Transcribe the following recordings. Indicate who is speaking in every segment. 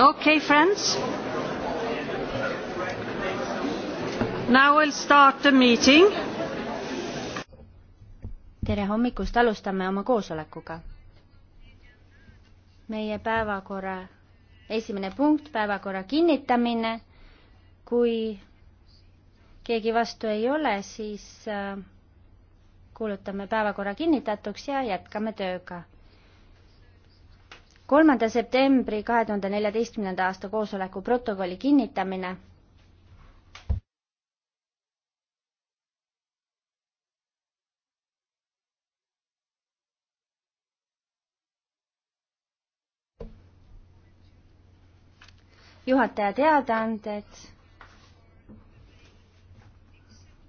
Speaker 1: Okay, friends. Now we'll start the meeting.
Speaker 2: tere hommikust, alustame oma koosolekuga. meie päevakorra esimene punkt, päevakorra kinnitamine. kui keegi vastu ei ole, siis äh, kuulutame päevakorra kinnitatuks ja jätkame tööga kolmanda septembri kahe tuhande neljateistkümnenda aasta koosoleku protokolli kinnitamine. juhataja teadaanded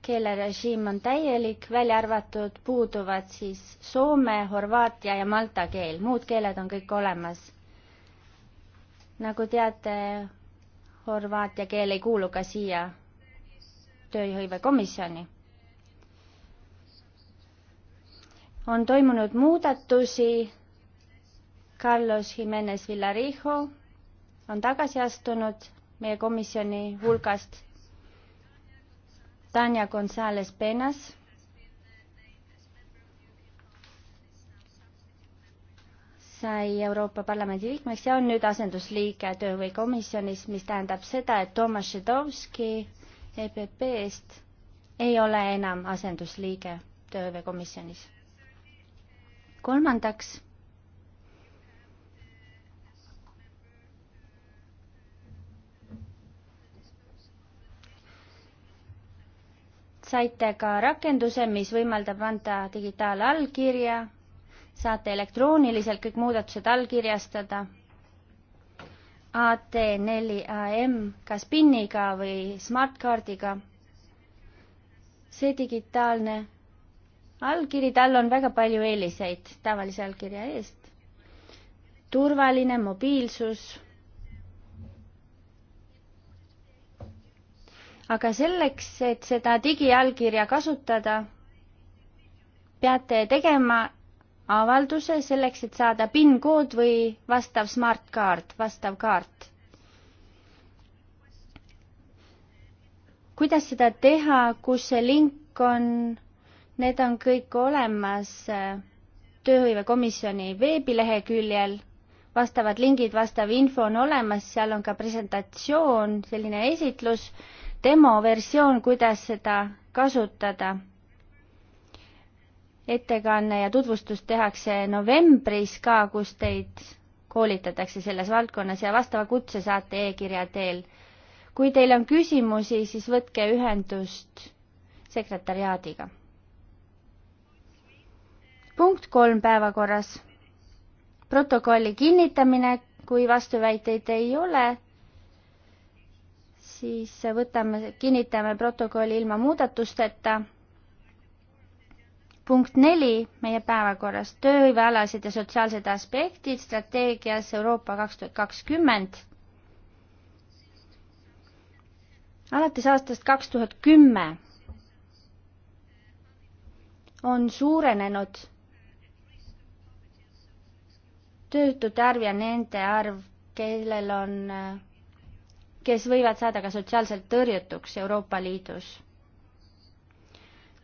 Speaker 2: keelerežiim on täielik, välja arvatud puuduvad siis soome, horvaatia ja malta keel, muud keeled on kõik olemas. nagu teate, horvaatia keel ei kuulu ka siia tööhõivekomisjoni. on toimunud muudatusi, Carlos Jimenez Villarijo on tagasi astunud meie komisjoni hulgast Tania González Penas. sai Euroopa Parlamendi liikmeks ja on nüüd asendusliige töövõikomisjonis, mis tähendab seda, et Toomas Šedovski EPP-st ei ole enam asendusliige töövõikomisjonis. kolmandaks saite ka rakenduse, mis võimaldab anda digitaalallkirja, saate elektrooniliselt kõik muudatused allkirjastada. AT4AM kas PIN-iga või Smartcardiga. see digitaalne allkiri, tal on väga palju eeliseid tavalise allkirja eest. turvaline mobiilsus aga selleks, et seda digiallkirja kasutada, peate tegema avalduse selleks, et saada PIN-kood või vastav Smart-kaart, vastav kaart. kuidas seda teha, kus see link on, need on kõik olemas äh, tööhõivekomisjoni veebileheküljel, vastavad lingid, vastav info on olemas, seal on ka presentatsioon, selline esitlus demoversioon, kuidas seda kasutada. ettekanne ja tutvustus tehakse novembris ka, kus teid koolitatakse selles valdkonnas ja vastava kutse saate e-kirja teel. kui teil on küsimusi, siis võtke ühendust sekretariaadiga. punkt kolm päevakorras. protokolli kinnitamine, kui vastuväiteid ei ole siis võtame, kinnitame protokolli ilma muudatusteta. punkt neli meie päevakorras, tööhõivealased ja sotsiaalsed aspektid strateegias Euroopa kaks tuhat kakskümmend. alates aastast kaks tuhat kümme on suurenenud töötute arv ja nende arv, kellel on äh, kes võivad saada ka sotsiaalselt tõrjutuks Euroopa Liidus.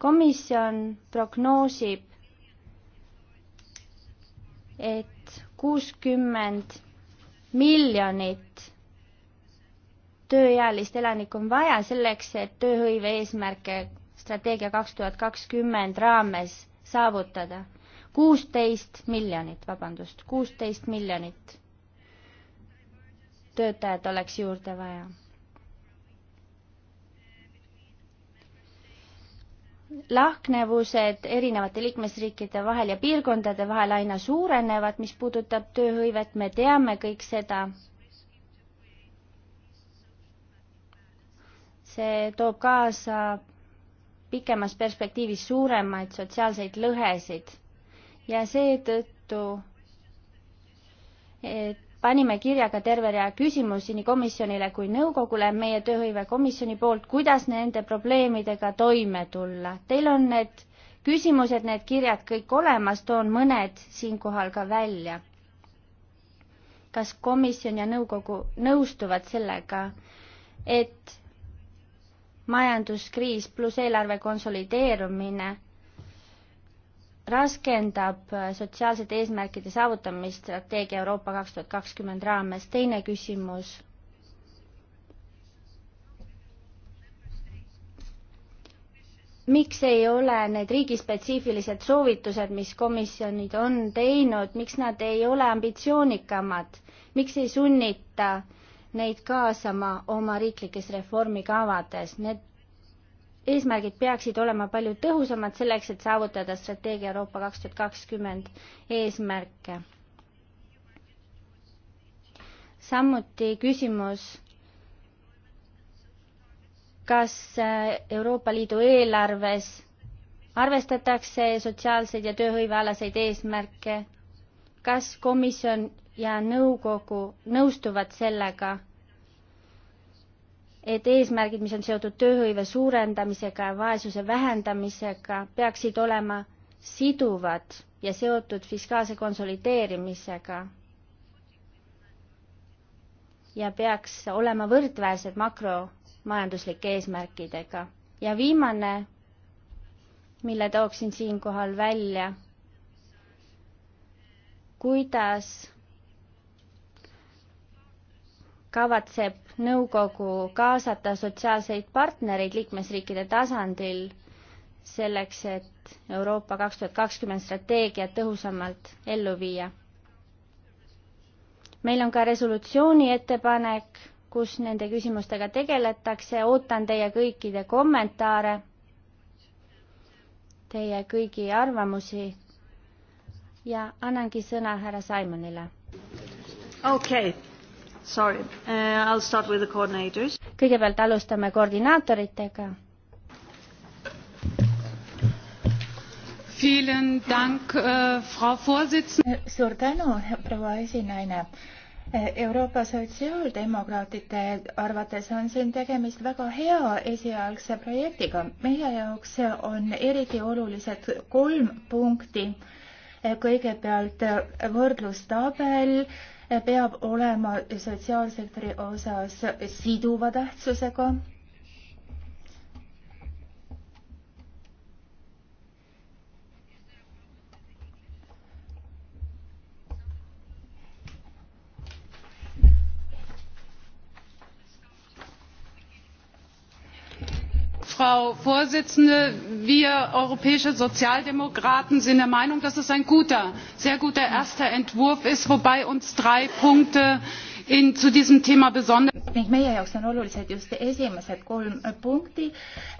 Speaker 2: komisjon prognoosib, et kuuskümmend miljonit tööealist elanikku on vaja selleks, et tööhõive eesmärke strateegia kaks tuhat kakskümmend raames saavutada. kuusteist miljonit, vabandust, kuusteist miljonit töötajat oleks juurde vaja. lahknevused erinevate liikmesriikide vahel ja piirkondade vahel aina suurenevad, mis puudutab tööhõivet, me teame kõik seda. see toob kaasa pikemas perspektiivis suuremaid sotsiaalseid lõhesid ja seetõttu et panime kirja ka terve rea küsimusi nii komisjonile kui nõukogule meie tööhõivekomisjoni poolt, kuidas nende probleemidega toime tulla. Teil on need küsimused, need kirjad kõik olemas, toon mõned siinkohal ka välja. kas komisjon ja nõukogu nõustuvad sellega, et majanduskriis pluss eelarve konsolideerumine raskendab äh, sotsiaalsete eesmärkide saavutamist strateegia Euroopa kaks tuhat kakskümmend raames. teine küsimus. miks ei ole need riigispetsiifilised soovitused, mis komisjonid on teinud, miks nad ei ole ambitsioonikamad, miks ei sunnita neid kaasama oma riiklikes reformikavades, need eesmärgid peaksid olema palju tõhusamad selleks, et saavutada strateegia Euroopa kaks tuhat kakskümmend eesmärke. samuti küsimus, kas Euroopa Liidu eelarves arvestatakse sotsiaalseid ja tööhõivealaseid eesmärke, kas komisjon ja nõukogu nõustuvad sellega et eesmärgid, mis on seotud tööhõive suurendamisega ja vaesuse vähendamisega, peaksid olema siduvad ja seotud fiskaalse konsolideerimisega ja peaks olema võrdväärsed makromajanduslike eesmärkidega. ja viimane, mille tooksin siinkohal välja, kuidas kavatseb nõukogu kaasata sotsiaalseid partnereid liikmesriikide tasandil selleks, et Euroopa kaks tuhat kakskümmend strateegiat tõhusamalt ellu viia. meil on ka resolutsiooni ettepanek, kus nende küsimustega tegeletakse, ootan teie kõikide kommentaare, teie kõigi arvamusi ja annangi sõna härra Simonile.
Speaker 1: okei okay Sorry uh,, I will start with the coordinators.
Speaker 2: kõigepealt alustame koordinaatoritega.
Speaker 1: Vielen
Speaker 3: Dank, äh, Frau Vorsitzende. Äh, suur tänu, proua esinaine. Äh, Euroopa sotsiaaldemokraatide arvates on siin tegemist väga hea esialgse projektiga. meie jaoks on eriti olulised kolm punkti. Äh, kõigepealt võrdlustabel äh, peab olema sotsiaalsektori osas siduva tähtsusega
Speaker 1: frau präsidentin! wir europäischen sozialdemokraten sind der meinung dass es ein guter sehr guter erster entwurf ist wobei uns drei punkte
Speaker 3: in, zu diesem Thema besonders ning meie jaoks on olulised just esimesed kolm punkti.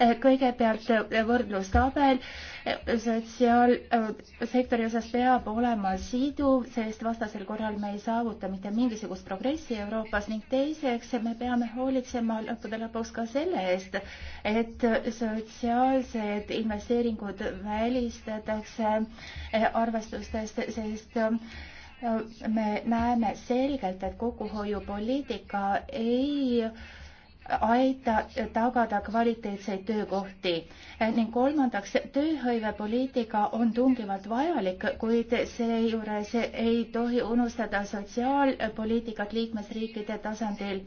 Speaker 3: Eh, kõigepealt eh, võrdlustabel eh, sotsiaalsektori osas peab olema siduv, sest vastasel korral me ei saavuta mitte mingisugust progressi Euroopas ning teiseks me peame hoolitsema lõppude lõpuks ka selle eest, et sotsiaalsed investeeringud välistatakse arvestustest, sest me näeme selgelt, et kokkuhoiupoliitika ei aita tagada kvaliteetseid töökohti ning kolmandaks, tööhõivepoliitika on tungivalt vajalik, kuid seejuures ei tohi unustada sotsiaalpoliitikat liikmesriikide tasandil.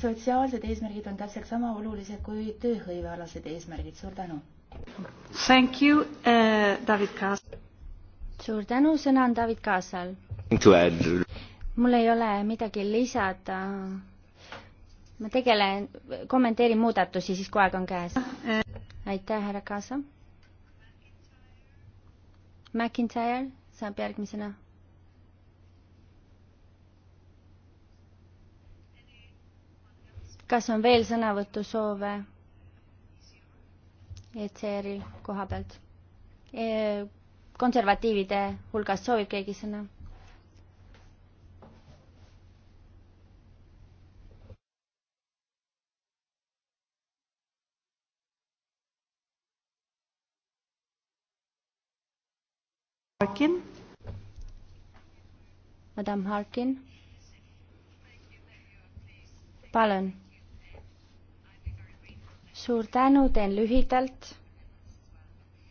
Speaker 3: sotsiaalsed eesmärgid on täpselt sama olulised kui tööhõivealased eesmärgid, suur tänu
Speaker 2: Thank you uh,, David Kaas. suur tänu, sõna on David Kaasal. mul ei ole midagi lisada. ma tegelen, kommenteerin muudatusi siis, kui aeg on käes. aitäh, härra Kaasa. McIntyre saab järgmisena kas on veel sõnavõtusoove? ECR-i koha pealt e. konservatiivide hulgas soovib keegi sõna? Harkin. Madame Harkin. Palun suur tänu, teen lühidalt.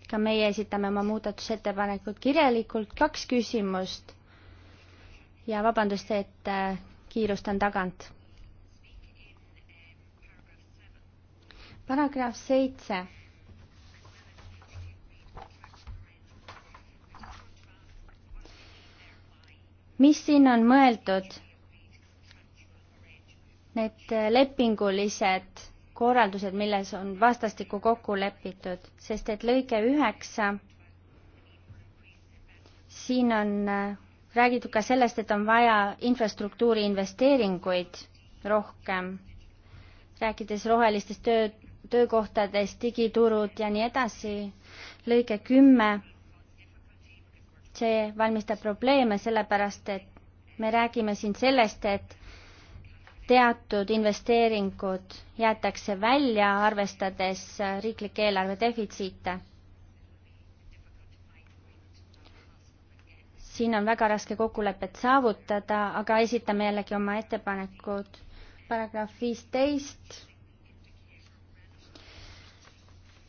Speaker 2: ka meie esitame oma muudatusettepanekud kirjalikult, kaks küsimust. ja vabandust, et äh, kiirustan tagant. paragrahv seitse mis siin on mõeldud? Need äh, lepingulised korraldused, milles on vastastikku kokku lepitud, sest et lõige üheksa, siin on äh, räägitud ka sellest, et on vaja infrastruktuuri investeeringuid rohkem, rääkides rohelistest töö, töökohtadest, digiturud ja nii edasi. lõige kümme, see valmistab probleeme, sellepärast et me räägime siin sellest, et teatud investeeringud jäetakse välja, arvestades riiklike eelarve defitsiite. siin on väga raske kokkulepet saavutada, aga esitame jällegi oma ettepanekud. paragrahv viisteist.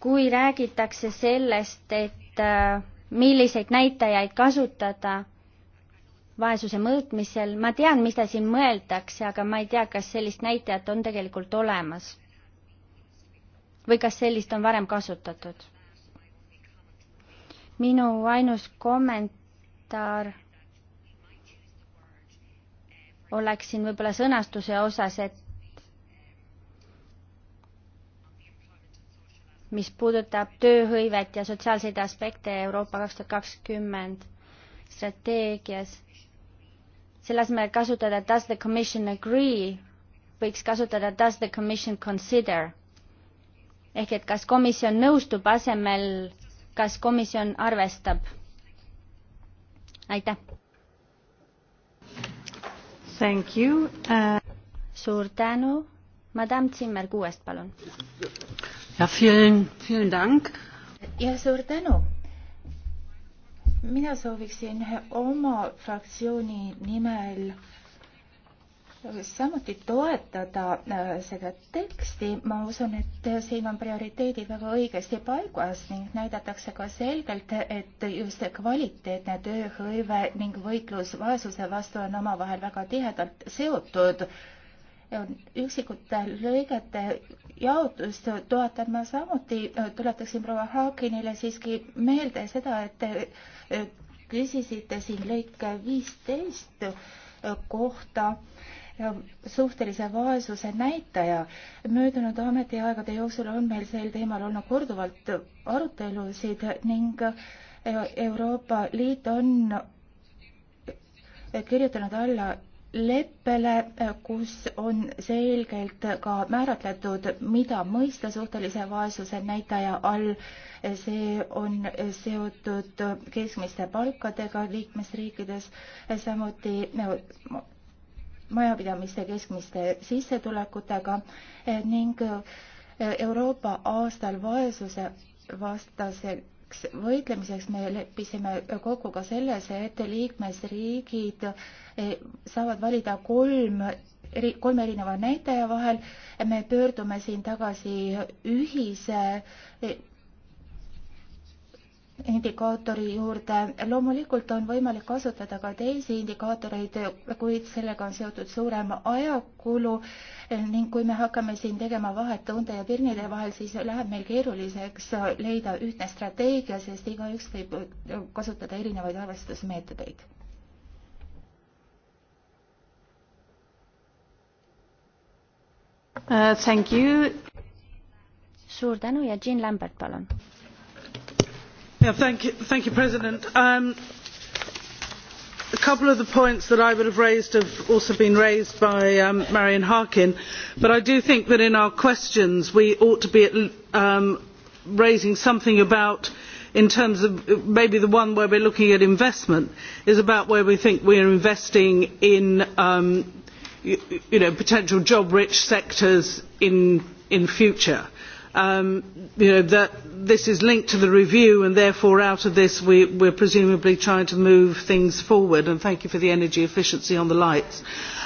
Speaker 2: kui räägitakse sellest, et äh, milliseid näitajaid kasutada vaesuse mõõtmisel, ma tean, mida siin mõeldakse, aga ma ei tea, kas sellist näitajat on tegelikult olemas. või kas sellist on varem kasutatud? minu ainus kommentaar oleks siin võib-olla sõnastuse osas, et mis puudutab tööhõivet ja sotsiaalseid aspekte Euroopa kaks tuhat kakskümmend strateegias, selle asemel kasutada does the commission agree, võiks kasutada does the commission consider. ehk et kas komisjon nõustub asemel, kas komisjon arvestab. aitäh.
Speaker 1: Thank you uh.... suur
Speaker 2: tänu. Madame Zimmer kuuest, palun.
Speaker 1: jah, vielen, vielen Dank.
Speaker 2: ja suur tänu mina sooviksin oma
Speaker 3: fraktsiooni nimel samuti toetada äh, seda teksti, ma usun, et siin on prioriteedid väga õigesti paigas ning näidatakse ka selgelt, et just kvaliteetne tööhõive ning võitlus vaesuse vastu on omavahel väga tihedalt seotud üksikute lõigete jaotust toetan ma samuti, äh, tuletaksin proua Haakinile siiski meelde seda, et te äh, küsisite siin lõike viisteist äh, kohta suhtelise vaesuse näitaja. möödunud ametiaegade jooksul on meil sel teemal olnud korduvalt arutelusid ning Euroopa Liit on kirjutanud alla leppele, kus on selgelt ka määratletud, mida mõista suhtelise vaesuse näitaja all. see on seotud keskmiste palkadega liikmesriikides, samuti majapidamiste keskmiste sissetulekutega ning Euroopa aastal vaesuse vastase selleks võitlemiseks me leppisime kokku ka selles, et liikmesriigid eh, saavad valida kolm eri, kolme erineva näitaja vahel. me pöördume siin tagasi ühise eh, indikaatori juurde. loomulikult on võimalik kasutada ka teisi indikaatoreid, kuid sellega on seotud suurem ajakulu ning kui me hakkame siin tegema vahet tunde ja pirnide vahel, siis läheb meil keeruliseks leida ühtne strateegia, sest igaüks võib kasutada erinevaid arvestusmeetodeid.
Speaker 2: Uh, thank you. suur tänu ja Jean Lambert, palun
Speaker 1: Yeah, thank you, thank you, President. Um, a couple of the points that i would have raised have also been raised by um, marian harkin but i do think that in our questions we ought to be um, raising something about in terms of maybe the one where we are looking at investment is about where we think we are investing in um, you, you know, potential job rich sectors in, in future um, you know, that this is linked to the review and therefore out of this we, we're presumably trying to move things forward and thank you for the energy efficiency on the lights.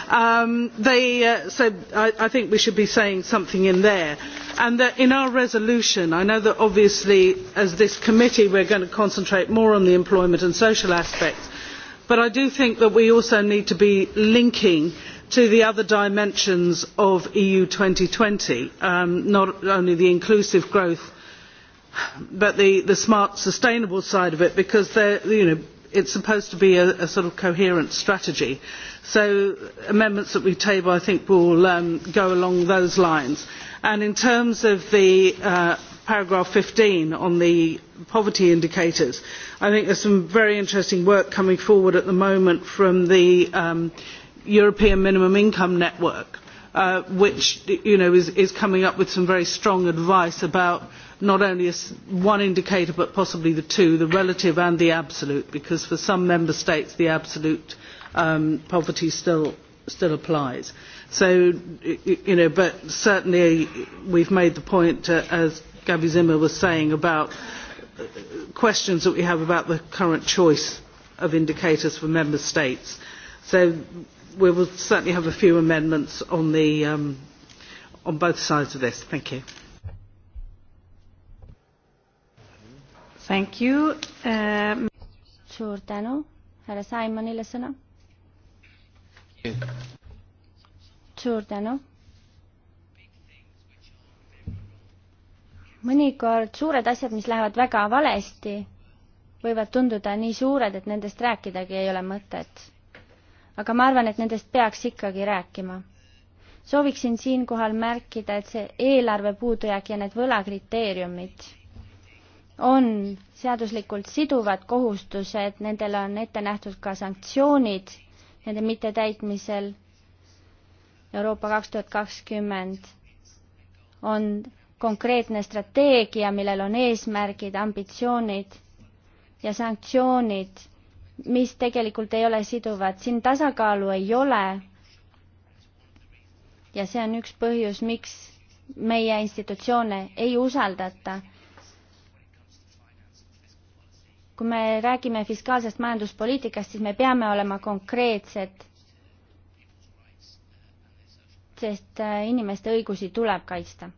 Speaker 1: Um, they uh, said, I, I think we should be saying something in there. And that in our resolution, I know that obviously as this committee we're going to concentrate more on the employment and social aspects, but I do think that we also need to be linking uh, to the other dimensions of eu two thousand and twenty um, not only the inclusive growth but the, the smart sustainable side of it because you know, it is supposed to be a, a sort of coherent strategy so amendments that we table i think will um, go along those lines. And in terms of the uh, paragraph fifteen on the poverty indicators i think there is some very interesting work coming forward at the moment from the um, European Minimum Income Network, uh, which you know, is, is coming up with some very strong advice about not only a, one indicator but possibly the two, the relative and the absolute, because for some member states the absolute um, poverty still, still applies. So, you know, but certainly we've made the point, uh, as Gabby Zimmer was saying, about uh, questions that we have about the current choice of indicators for member states. So we will certainly have a few amendments on the um, on both sides of this. Thank you.
Speaker 2: Thank you. Um... suur tänu, härra Simonile sõna. suur tänu. mõnikord suured asjad, mis lähevad väga valesti, võivad tunduda nii suured, et nendest rääkidagi ei ole mõtet aga ma arvan, et nendest peaks ikkagi rääkima. sooviksin siinkohal märkida, et see eelarve puudujääk ja need võlakriteeriumid on seaduslikult siduvad kohustused, nendele on ette nähtud ka sanktsioonid nende mittetäitmisel. Euroopa kaks tuhat kakskümmend on konkreetne strateegia, millel on eesmärgid, ambitsioonid ja sanktsioonid mis tegelikult ei ole siduvad, siin tasakaalu ei ole. ja see on üks põhjus, miks meie institutsioone ei usaldata. kui me räägime fiskaalsest majanduspoliitikast, siis me peame olema konkreetsed, sest äh, inimeste õigusi tuleb kaitsta.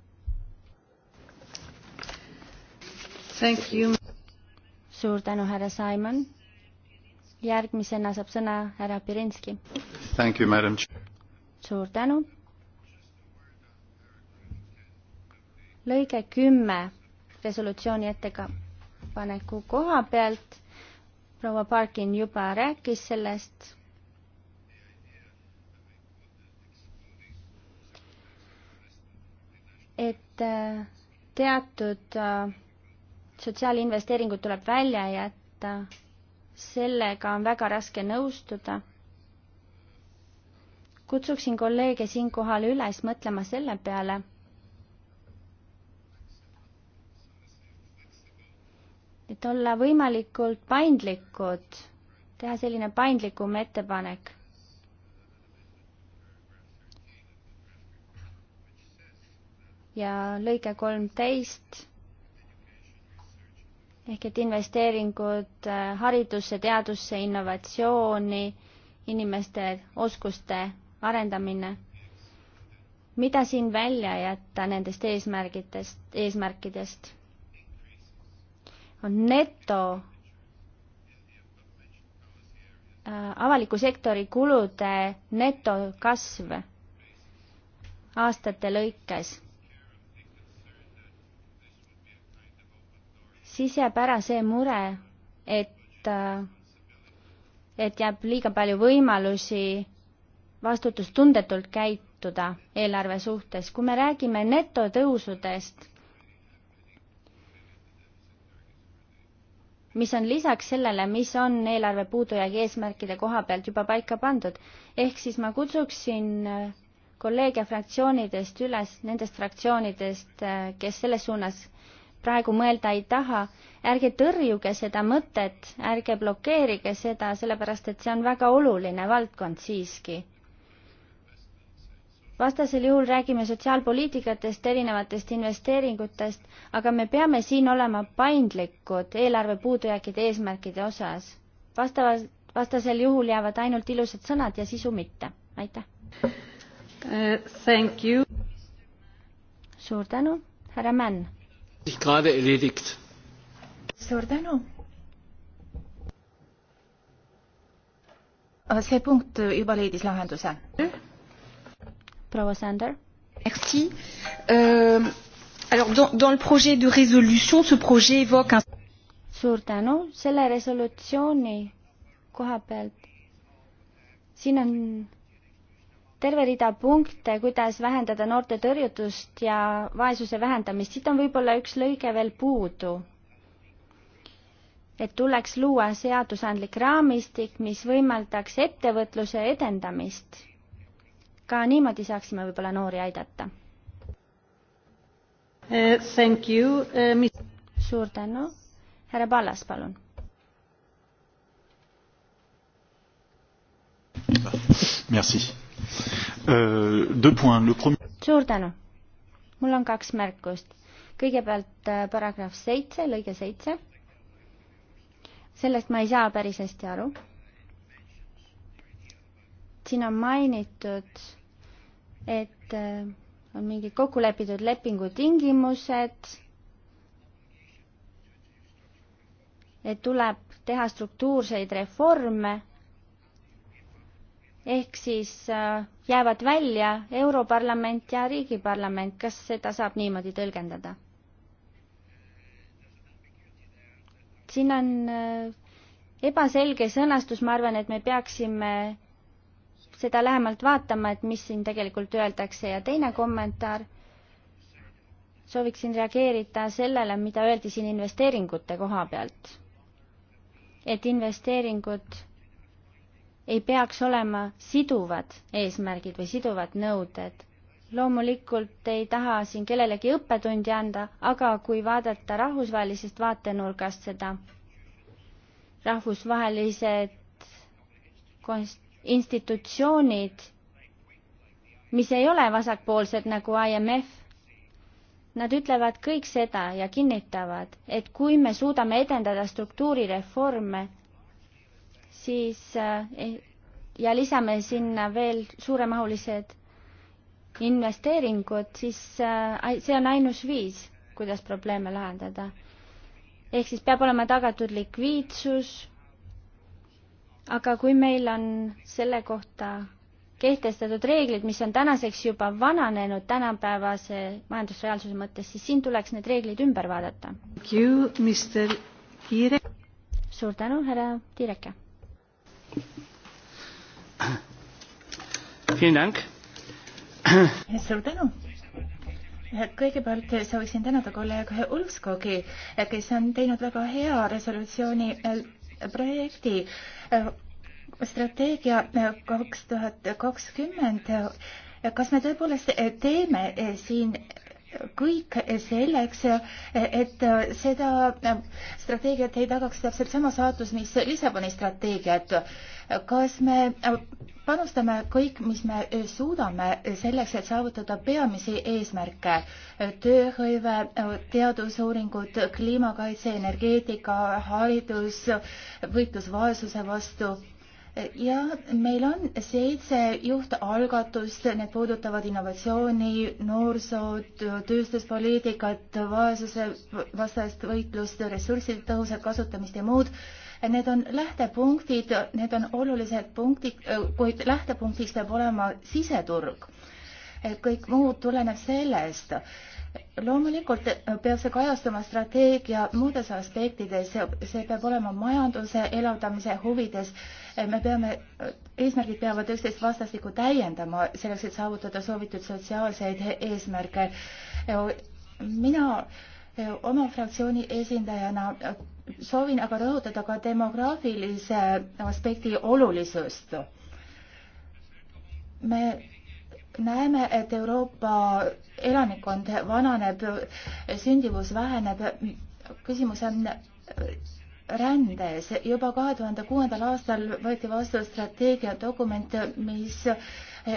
Speaker 2: suur tänu, härra Simon järgmisena saab sõna härra Pirinski. suur tänu. lõige kümme resolutsiooni ettepaneku koha pealt. proua Parkin juba rääkis sellest. et äh, teatud äh, sotsiaalinvesteeringud tuleb välja jätta sellega on väga raske nõustuda. kutsuksin kolleege siinkohal üles mõtlema selle peale, et olla võimalikult paindlikud, teha selline paindlikum ettepanek. ja lõige kolmteist ehk et investeeringud äh, haridusse, teadusse, innovatsiooni, inimeste oskuste arendamine. mida siin välja jätta nendest eesmärgidest, eesmärkidest? on neto äh, avaliku sektori kulude netokasv aastate lõikes siis jääb ära see mure, et, äh, et jääb liiga palju võimalusi vastutustundetult käituda eelarve suhtes. kui me räägime netotõusudest, mis on lisaks sellele, mis on eelarve puudujäägi eesmärkide koha pealt juba paika pandud, ehk siis ma kutsuksin äh, kolleege fraktsioonidest üles, nendest fraktsioonidest, äh, kes selles suunas praegu mõelda ei taha, ärge tõrjuge seda mõtet, ärge blokeerige seda, sellepärast et see on väga oluline valdkond siiski. vastasel juhul räägime sotsiaalpoliitikatest, erinevatest investeeringutest, aga me peame siin olema paindlikud eelarve puudujääkide eesmärkide osas. vastavalt, vastasel juhul jäävad ainult ilusad sõnad ja sisu mitte. aitäh uh,! Thank you! suur tänu, härra Männ! suur tänu.
Speaker 3: Ah, see punkt juba leidis lahenduse.
Speaker 2: proua Sander. Merci. Euh, alors, dans, dans le projet de résolution, ce projet évoque un. suur tänu selle resolutsiooni koha pealt. siin on terve rida punkte, kuidas vähendada noorte tõrjutust ja vaesuse vähendamist, siit on võib-olla üks lõige veel puudu. et tuleks luua seadusandlik raamistik, mis võimaldaks ettevõtluse edendamist. ka niimoodi saaksime võib-olla noori aidata eh,. Thank you eh,, mis suur tänu. härra Pallas, palun.
Speaker 1: Merci Euh,
Speaker 2: suur tänu. mul on kaks märkust. kõigepealt äh, paragrahv seitse, lõige seitse. sellest ma ei saa päris hästi aru. siin on mainitud, et äh, on mingid kokkulepitud lepingu tingimused et tuleb teha struktuurseid reforme ehk siis äh, jäävad välja Europarlament ja Riigiparlament, kas seda saab niimoodi tõlgendada? siin on äh, ebaselge sõnastus, ma arvan, et me peaksime seda lähemalt vaatama, et mis siin tegelikult öeldakse ja teine kommentaar, sooviksin reageerida sellele, mida öeldi siin investeeringute koha pealt. et investeeringud ei peaks olema siduvad eesmärgid või siduvad nõuded. loomulikult ei taha siin kellelegi õppetundi anda, aga kui vaadata rahvusvahelisest vaatenurgast seda, rahvusvahelised institutsioonid, mis ei ole vasakpoolsed nagu IMF, nad ütlevad kõik seda ja kinnitavad, et kui me suudame edendada struktuurireforme, siis eh, ja lisame sinna veel suuremahulised investeeringud, siis eh, see on ainus viis, kuidas probleeme lahendada. ehk siis peab olema tagatud likviidsus, aga kui meil on selle kohta kehtestatud reeglid, mis on tänaseks juba vananenud tänapäevase majandusreaalsuse mõttes, siis siin tuleks need reeglid ümber vaadata. suur tänu, härra Tiireke
Speaker 3: suur tänu kõigepealt sooviksin tänada kolleeg Ulfskogi, kes on teinud väga hea resolutsiooni äh, projekti äh, strateegia äh, kaks tuhat kakskümmend. kas me tõepoolest teeme siin kõik selleks, et seda strateegiat ei tagaks täpselt sama saatus, mis Lissaboni strateegiat. kas me panustame kõik, mis me suudame selleks, et saavutada peamisi eesmärke, tööhõive, teadusuuringud, kliimakaitse, energeetika, haridus, võitlus vaesuse vastu ja meil on seitse juhtalgatust, need puudutavad innovatsiooni, noorsood, tööstuspoliitikat, vaesuse vastast võitlust, ressursside tõhusat kasutamist ja muud. Need on lähtepunktid, need on olulised punktid, kuid lähtepunktiks peab olema siseturg. kõik muud tuleneb sellest loomulikult peab see kajastama strateegia muudes aspektides, see peab olema majanduse elavdamise huvides me peame, eesmärgid peavad üksteist vastastikku täiendama selleks, et saavutada soovitud sotsiaalseid eesmärke. mina oma fraktsiooni esindajana soovin aga rõhutada ka demograafilise aspekti olulisust. me näeme, et Euroopa elanikkond vananeb, sündivus väheneb. küsimus on rändes. juba kahe tuhande kuuendal aastal võeti vastu strateegiadokument, mis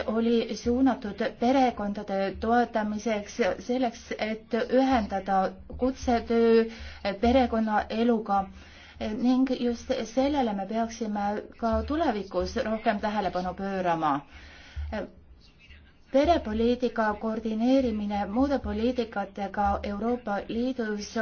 Speaker 3: oli suunatud perekondade toetamiseks, selleks, et ühendada kutsetöö perekonnaeluga ning just sellele me peaksime ka tulevikus rohkem tähelepanu pöörama perepoliitika koordineerimine muude poliitikatega Euroopa Liidus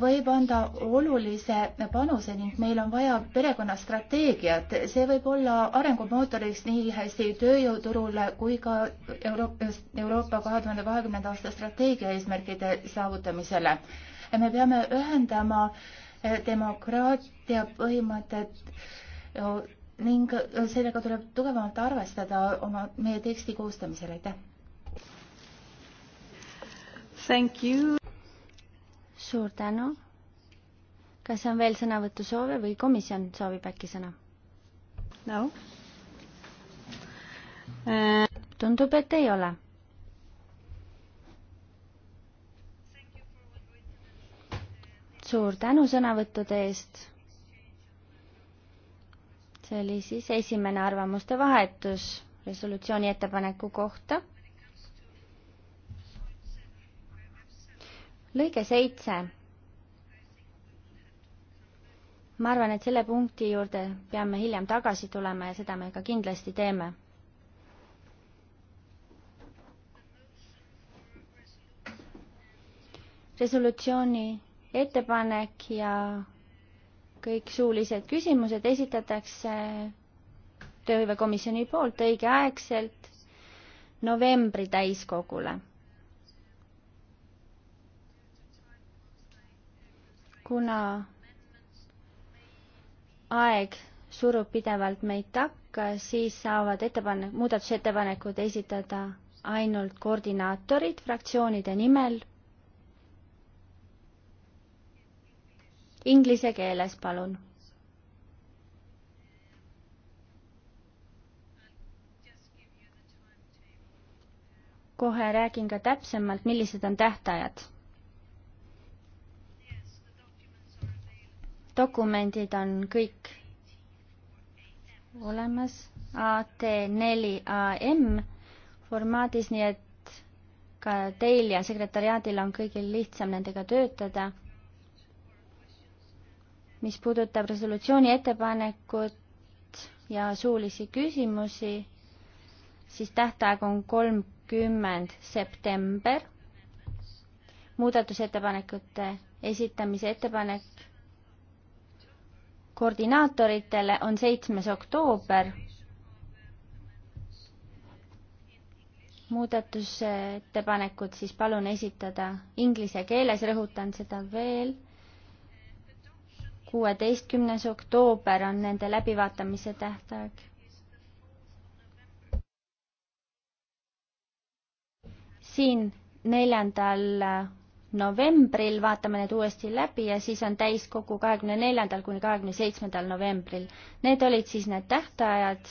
Speaker 3: võib anda olulise panuse ning meil on vaja perekonnastrateegiat. see võib olla arengumootoriks nii hästi tööjõuturul kui ka Euroopa, Euroopa kahe tuhande kahekümnenda aasta strateegia eesmärkide saavutamisele. me peame ühendama eh, demokraatia põhimõtet eh, ning eh, sellega tuleb tugevamalt arvestada oma, meie teksti koostamisel, aitäh!
Speaker 2: Thank you suur tänu. kas on veel sõnavõtusoove või komisjon soovib äkki sõna? no. tundub, et ei ole. suur tänu sõnavõttude eest. see oli siis esimene arvamuste vahetus resolutsiooni ettepaneku kohta lõige seitse. ma arvan, et selle punkti juurde peame hiljem tagasi tulema ja seda me ka kindlasti teeme. resolutsiooni ettepanek ja kõik suulised küsimused esitatakse tööhõivekomisjoni poolt õigeaegselt novembri täiskogule kuna aeg surub pidevalt meid takka, siis saavad ettepanek, muudatusettepanekud esitada ainult koordinaatorid fraktsioonide nimel. Inglise keeles, palun. kohe räägin ka täpsemalt, millised on tähtajad dokumendid on kõik olemas AT4AM formaadis, nii et ka teil ja sekretariaadil on kõigil lihtsam nendega töötada. mis puudutab resolutsiooni ettepanekut ja suulisi küsimusi, siis tähtaeg on kolmkümmend september. muudatusettepanekute esitamise ettepanek koordinaatoritele on seitsmes oktoober. muudatusettepanekud siis palun esitada inglise keeles, rõhutan seda veel. kuueteistkümnes oktoober on nende läbivaatamise tähtaeg. siin neljandal novembril, vaatame need uuesti läbi ja siis on täiskogu kahekümne neljandal kuni kahekümne seitsmendal novembril. Need olid siis need tähtajad.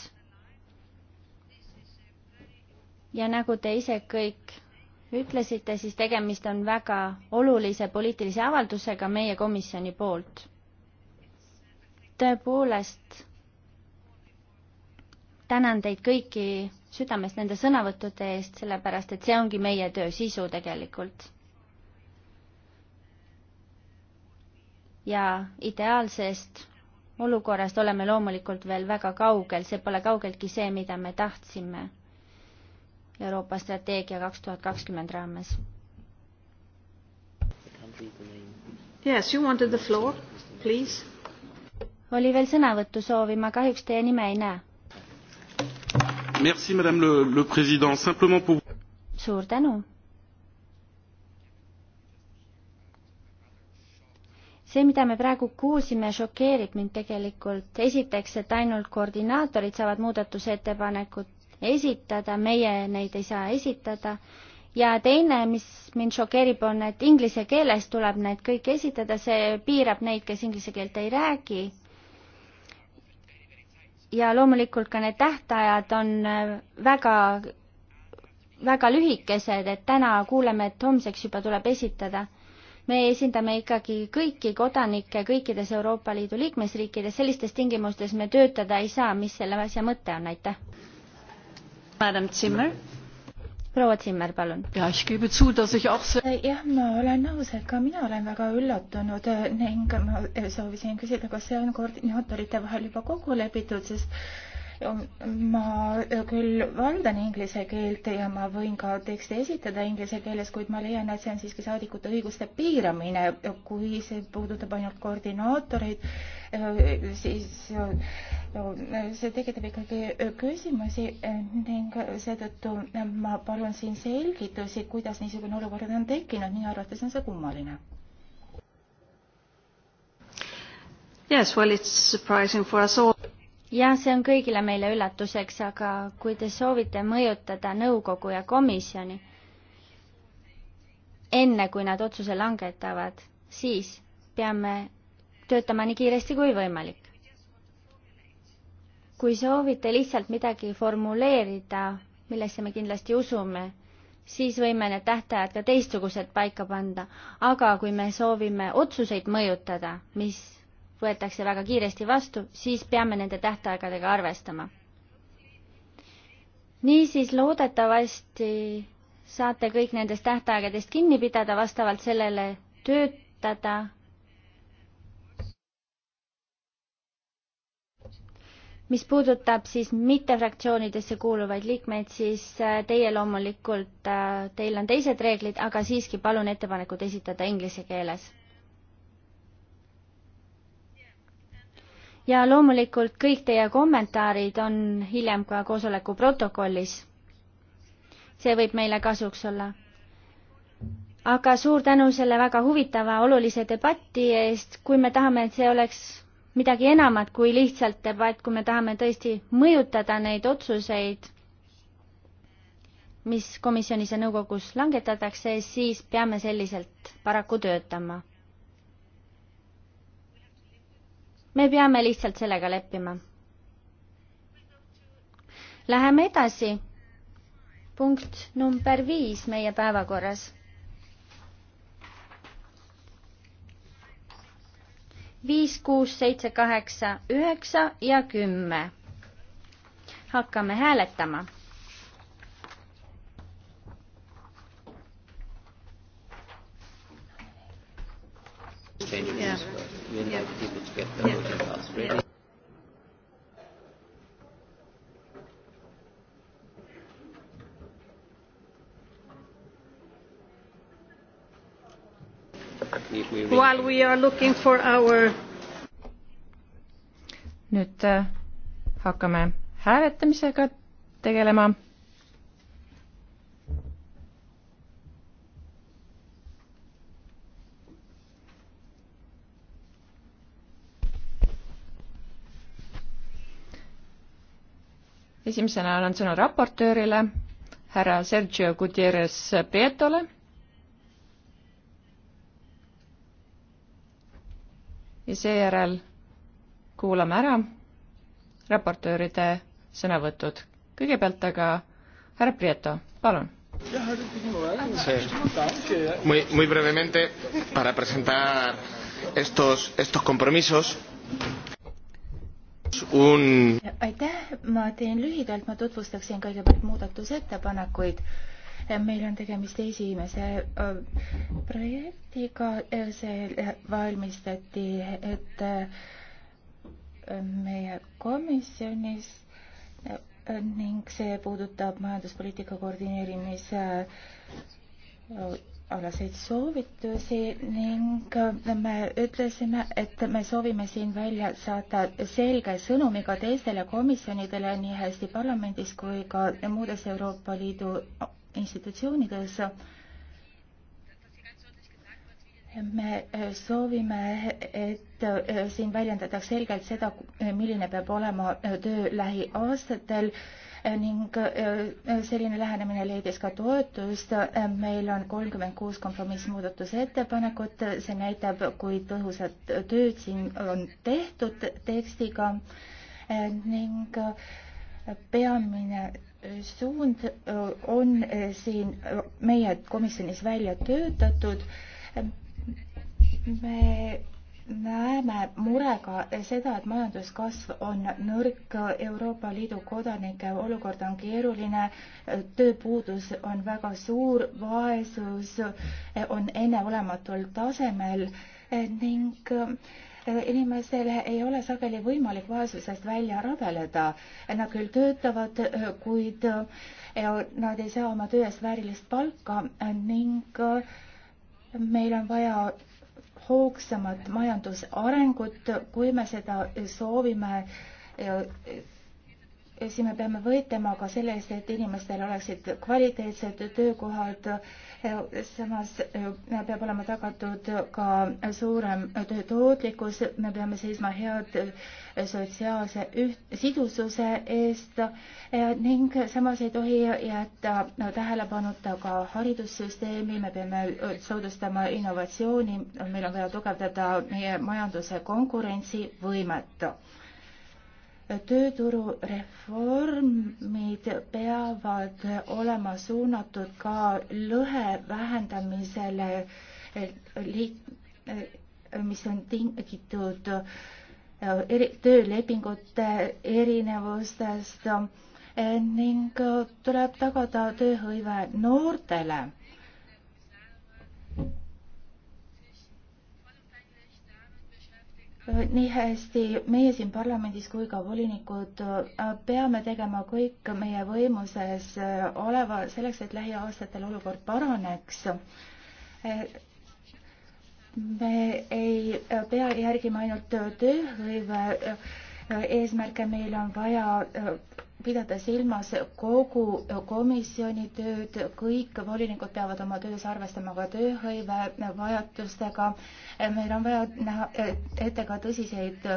Speaker 2: ja nagu te ise kõik ütlesite, siis tegemist on väga olulise poliitilise avaldusega meie komisjoni poolt. tõepoolest tänan teid kõiki südamest nende sõnavõttude eest, sellepärast et see ongi meie töö sisu tegelikult ja ideaalsest olukorrast oleme loomulikult veel väga kaugel, see pole kaugeltki see, mida me tahtsime Euroopa strateegia kaks tuhat kakskümmend raames. Yes, you wanted the floor, please. oli veel sõnavõtusoovi, ma kahjuks teie nime ei näe.
Speaker 1: Merci, madame le, le president, simplement pour.
Speaker 2: suur tänu see, mida me praegu kuulsime, šokeerib mind tegelikult. esiteks, et ainult koordinaatorid saavad muudatusettepanekut esitada, meie neid ei saa esitada. ja teine, mis mind šokeerib, on, et inglise keeles tuleb need kõik esitada, see piirab neid, kes inglise keelt ei räägi. ja loomulikult ka need tähtajad on äh, väga väga lühikesed, et täna kuuleme, et homseks juba tuleb esitada me esindame ikkagi kõiki kodanikke kõikides Euroopa Liidu liikmesriikides, sellistes tingimustes me töötada ei saa, mis selle asja mõte on, aitäh. Madam Zimmer. proua Zimmer, palun. Äh,
Speaker 3: jah, ma olen nõus, et ka mina olen väga üllatunud äh, ning ma äh, soovisin küsida, kas see on koordinaatorite vahel juba kokku lepitud, sest ma küll valdan inglise keelt ja ma võin ka tekste esitada inglise keeles, kuid ma leian, et see on siiski saadikute õiguste piiramine, kui see puudutab ainult koordinaatoreid, äh, siis äh, see tekitab ikkagi küsimusi ning seetõttu ma palun siin selgitusi, kuidas niisugune olukord on tekkinud, minu arvates on see kummaline
Speaker 1: Yes, well, it's surprising for us all
Speaker 2: jah, see on kõigile meile üllatuseks, aga kui te soovite mõjutada nõukogu ja komisjoni enne, kui nad otsuse langetavad, siis peame töötama nii kiiresti kui võimalik. kui soovite lihtsalt midagi formuleerida, millesse me kindlasti usume, siis võime need tähtajad ka teistsugused paika panda, aga kui me soovime otsuseid mõjutada, mis võetakse väga kiiresti vastu, siis peame nende tähtaegadega arvestama. niisiis loodetavasti saate kõik nendest tähtaegadest kinni pidada, vastavalt sellele töötada. mis puudutab siis mittefraktsioonidesse kuuluvaid liikmeid, siis äh, teie loomulikult, äh, teil on teised reeglid, aga siiski palun ettepanekud esitada inglise keeles ja loomulikult kõik teie kommentaarid on hiljem ka koosoleku protokollis. see võib meile kasuks olla. aga suur tänu selle väga huvitava olulise debati eest, kui me tahame, et see oleks midagi enamat kui lihtsalt debatt, kui me tahame tõesti mõjutada neid otsuseid, mis komisjonis ja nõukogus langetatakse, siis peame selliselt paraku töötama me peame lihtsalt sellega leppima. Läheme edasi. punkt number viis meie päevakorras. viis, kuus, seitse, kaheksa, üheksa ja kümme. hakkame hääletama
Speaker 1: changes. Yeah we'll yeah. have to keep it together. Yeah. Voting house. Ready? Yeah. While we are looking for our
Speaker 4: nüüd äh, hakkame hääletamisega tegelema esimesena annan sõna raportöörile, härra Sergio Gutierrez Prietole. ja seejärel kuulame ära raportööride sõnavõtud. kõigepealt aga härra Prieto, palun. Muy, muy brevemente para presentar estos, estos compromisos Un...
Speaker 3: aitäh, ma teen lühidalt, ma tutvustaksin kõigepealt muudatusettepanekuid. meil on tegemist esimese äh, projektiga, see valmistati ette äh, meie komisjonis äh, ning see puudutab majanduspoliitika koordineerimise alaseid soovitusi ning me ütlesime, et me soovime siin välja saata selge sõnumiga teistele komisjonidele nii hästi parlamendis kui ka muudes Euroopa Liidu institutsioonides. me soovime, et siin väljendatakse selgelt seda, milline peab olema töö lähiaastatel ning äh, selline lähenemine leidis ka toetust. meil on kolmkümmend kuus kompromissmuudatuse ettepanekut, see näitab, kui tõhusat tööd siin on tehtud tekstiga ning äh, peamine suund äh, on siin meie komisjonis välja töötatud. me näeme murega seda, et majanduskasv on nõrk, Euroopa Liidu kodanike olukord on keeruline, tööpuudus on väga suur, vaesus on enneolematul tasemel ning inimesel ei ole sageli võimalik vaesusest välja rabeleda. Nad küll töötavad, kuid nad ei saa oma töö eest väärilist palka ning meil on vaja hoogsamat majandusarengut, kui me seda soovime siis me peame võitlema ka selle eest, et inimestel oleksid kvaliteetsed töökohad. samas eh, peab olema tagatud ka suurem töö tootlikkus, me peame seisma head eh, sotsiaalse üht-, sidususe eest eh, ning samas ei tohi jätta tähelepanuta ka haridussüsteemi, me peame soodustama innovatsiooni, meil on vaja tugevdada meie majanduse konkurentsivõimet tööturureformid peavad olema suunatud ka lõhe vähendamisele, mis on tingitud eh, töölepingute erinevustest eh, ning tuleb tagada tööhõive noortele nii hästi meie siin parlamendis kui ka volinikud äh, peame tegema kõik meie võimuses äh, oleva selleks, et lähiaastatel olukord paraneks. Äh, me ei pea järgima ainult tööhõive eesmärke, meil on vaja pidada silmas kogu komisjoni tööd, kõik volinikud peavad oma töös arvestama ka tööhõive vajadustega. meil on vaja näha ette ka tõsiseid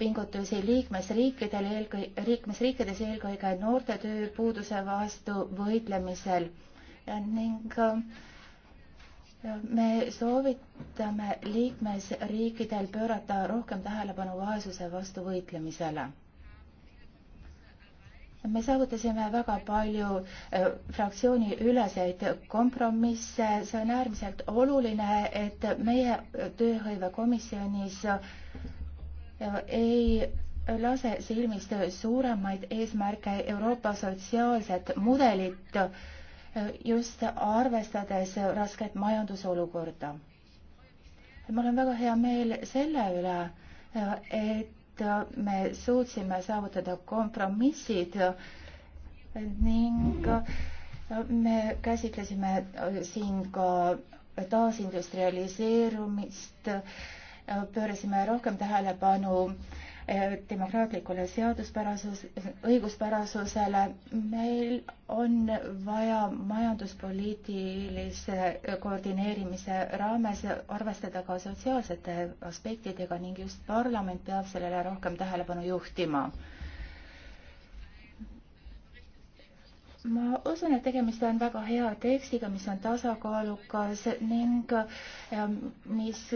Speaker 3: pingutusi liikmesriikidel, eelkõige, liikmesriikides eelkõige noorte tööpuuduse vastu võitlemisel ning äh, me soovitame liikmesriikidel pöörata rohkem tähelepanu vaesuse vastu võitlemisele me saavutasime väga palju äh, fraktsiooni üleseid kompromisse, see on äärmiselt oluline, et meie tööhõivekomisjonis äh, ei lase silmist suuremaid eesmärke Euroopa sotsiaalset mudelit, äh, just arvestades rasket majandusolukorda. mul on väga hea meel selle üle, et et äh, me suutsime saavutada kompromissid äh, ning äh, me käsitlesime siin ka taasindustrialiseerumist, pöörasime rohkem tähelepanu äh, Eh, demokraatlikule seaduspärasus, õiguspärasusele. meil on vaja majanduspoliitilise koordineerimise raames arvestada ka sotsiaalsete aspektidega ning just parlament peab sellele rohkem tähelepanu juhtima ma usun, et tegemist on väga hea tekstiga, mis on tasakaalukas ning eh, mis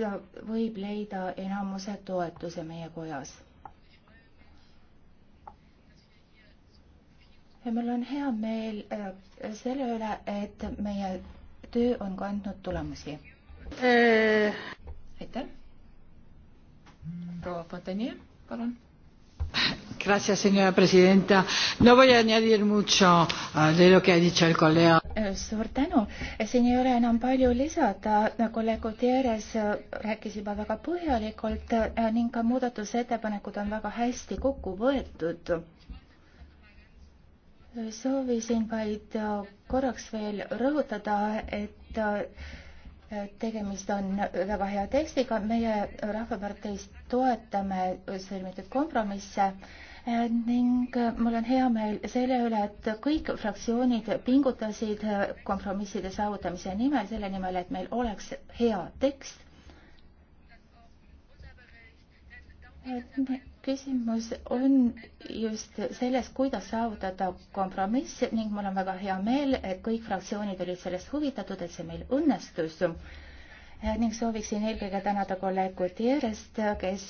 Speaker 3: võib leida enamuse toetuse meie kojas mul on hea meel äh, selle üle, et meie töö on kandnud tulemusi. Äh. aitäh. proua Fontanier, palun.
Speaker 1: Gracias, señora presidenta.
Speaker 4: No voy a añadir mucho ah, de lo que ha dicho el colega.
Speaker 3: Äh, suur tänu. Siin ei ole enam palju lisada. Kolleeg Gutierrez rääkis juba väga põhjalikult ning ka muudatusettepanekud on väga hästi kokku võetud soovisin vaid äh, korraks veel rõhutada, et äh, tegemist on väga hea tekstiga, meie Rahvaparteis toetame sõlmitud kompromisse äh, ning mul on hea meel selle üle, et kõik fraktsioonid pingutasid kompromisside saavutamise nimel, selle nimel, et meil oleks hea tekst küsimus on just selles, kuidas saavutada kompromiss ning mul on väga hea meel, et kõik fraktsioonid olid sellest huvitatud, et see meil õnnestus. ning sooviksin eelkõige tänada kolleeg Gutierrest, kes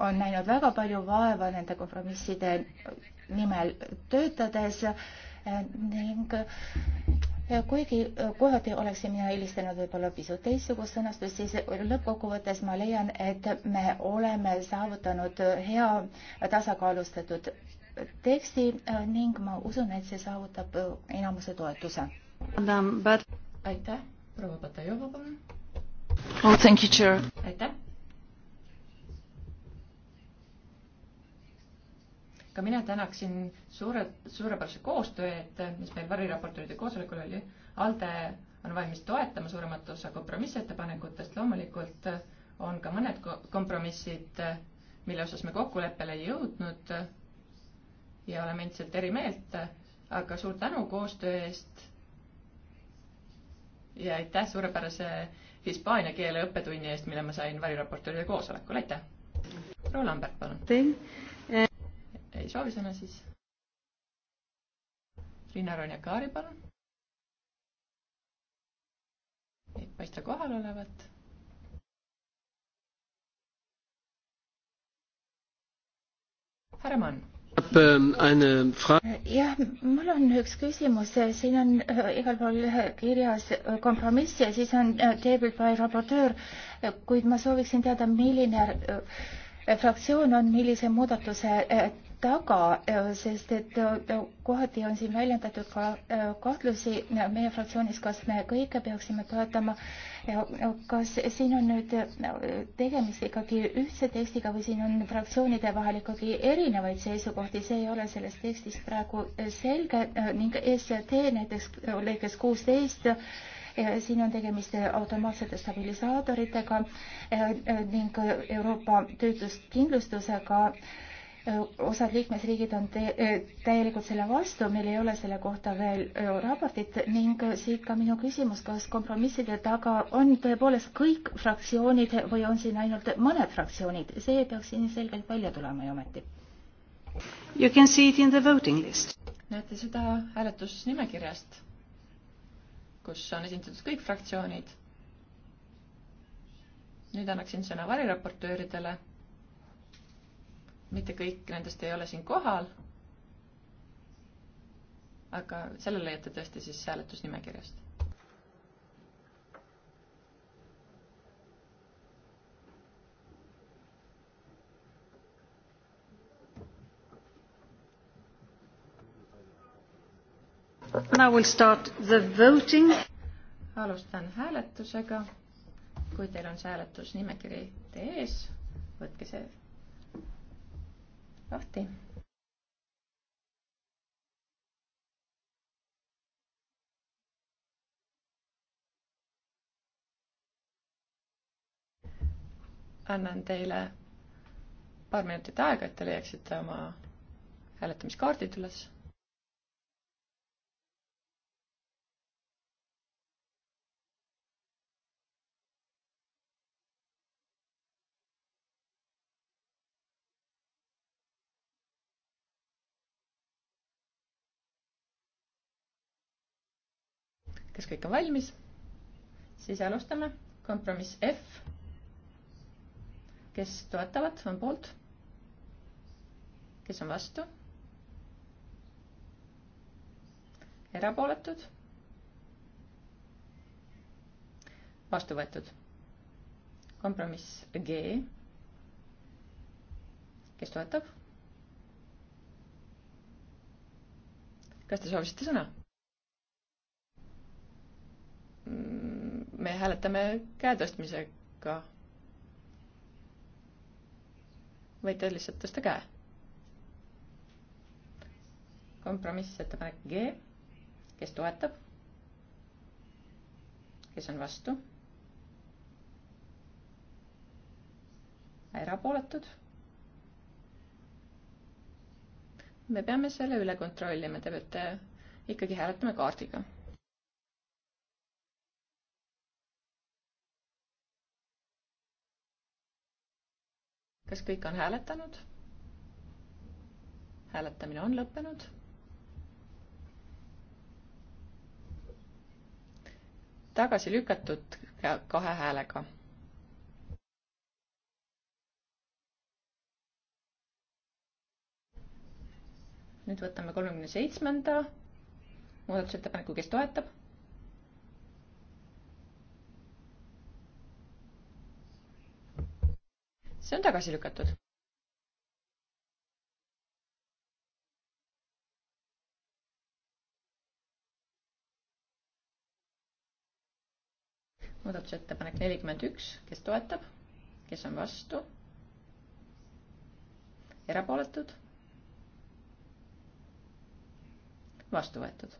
Speaker 3: on näinud väga palju vaeva nende kompromisside nimel töötades ning Äh, kuigi äh, kohati oleksin mina eelistanud võib-olla pisut teistsugust sõnastust, siis lõppkokkuvõttes ma leian, et me oleme saavutanud äh, hea tasakaalustatud teksti ning ma usun, et see saavutab enamuse toetuse. aitäh,
Speaker 4: proua Patajova, palun. Oh, aitäh ka mina tänaksin suure, suurepärase koostöö, et mis meil variraportööride koosolekul oli, ALDE on valmis toetama suuremat osa kompromissettepanekutest, loomulikult on ka mõned kompromissid, mille osas me kokkuleppele ei jõudnud ja oleme endiselt eri meelt, aga suur tänu koostöö eest ja aitäh suurepärase hispaania keele õppetunni eest, mille ma sain variraportööride koosolekul, aitäh! proua Lambert, palun! ei soovi sõna, siis Riina Ronja-Kaari, palun. ei paista kohal olevat. härra Mann
Speaker 1: ähm,
Speaker 3: jah, mul on üks küsimus, siin on äh, igal pool äh, kirjas äh, kompromiss ja siis on table by raportöör, kuid ma sooviksin teada, milline fraktsioon on millise muudatuse eh, taga, eh, sest et eh, kohati on siin väljendatud ka kahtlusi meie fraktsioonis, kas me kõike peaksime toetama. kas siin on nüüd tegemist ikkagi ühtse tekstiga või siin on fraktsioonide vahel ikkagi erinevaid seisukohti, see ei ole sellest tekstist praegu selge ning ST näiteks lõikes kuusteist Eh, siin on tegemist eh, automaatsete stabilisaatoritega eh, ning Euroopa töötuskindlustusega osad liikmesriigid on te täielikult selle vastu, meil ei ole selle kohta veel raportit ning siit ka minu küsimus, kas kompromisside taga on tõepoolest kõik fraktsioonid või on siin ainult mõned fraktsioonid,
Speaker 4: see peaks siin selgelt välja tulema ju ometi.
Speaker 1: You can see it in the voting list.
Speaker 4: näete seda hääletusnimekirjast kus on esindatud kõik fraktsioonid. nüüd annaksin sõna variraportööridele. mitte kõik nendest ei ole siin kohal. aga selle leiate tõesti siis hääletusnimekirjast
Speaker 1: Now we'll start the voting.
Speaker 4: alustan hääletusega. kui teil on see hääletusnimekiri teie ees, võtke see lahti. annan teile paar minutit aega, et te leiaksite oma hääletamiskaardid üles kas kõik on valmis? siis alustame. kompromiss F. kes toetavad, on poolt. kes on vastu? erapooletud? vastu võetud. kompromiss G. kes toetab? kas te soovisite sõna? me hääletame käetõstmisega. võite lihtsalt tõsta käe. kompromissettepanek G, kes toetab? kes on vastu? erapooletud? me peame selle üle kontrollima, te peate ikkagi hääletama kaardiga kas kõik on hääletanud? hääletamine on lõppenud. tagasi lükatud kahe häälega nüüd võtame kolmekümne seitsmenda muudatusettepaneku, kes toetab? see on tagasi lükatud. muudatusettepanek nelikümmend üks, kes toetab, kes on vastu? erapooletud? vastu võetud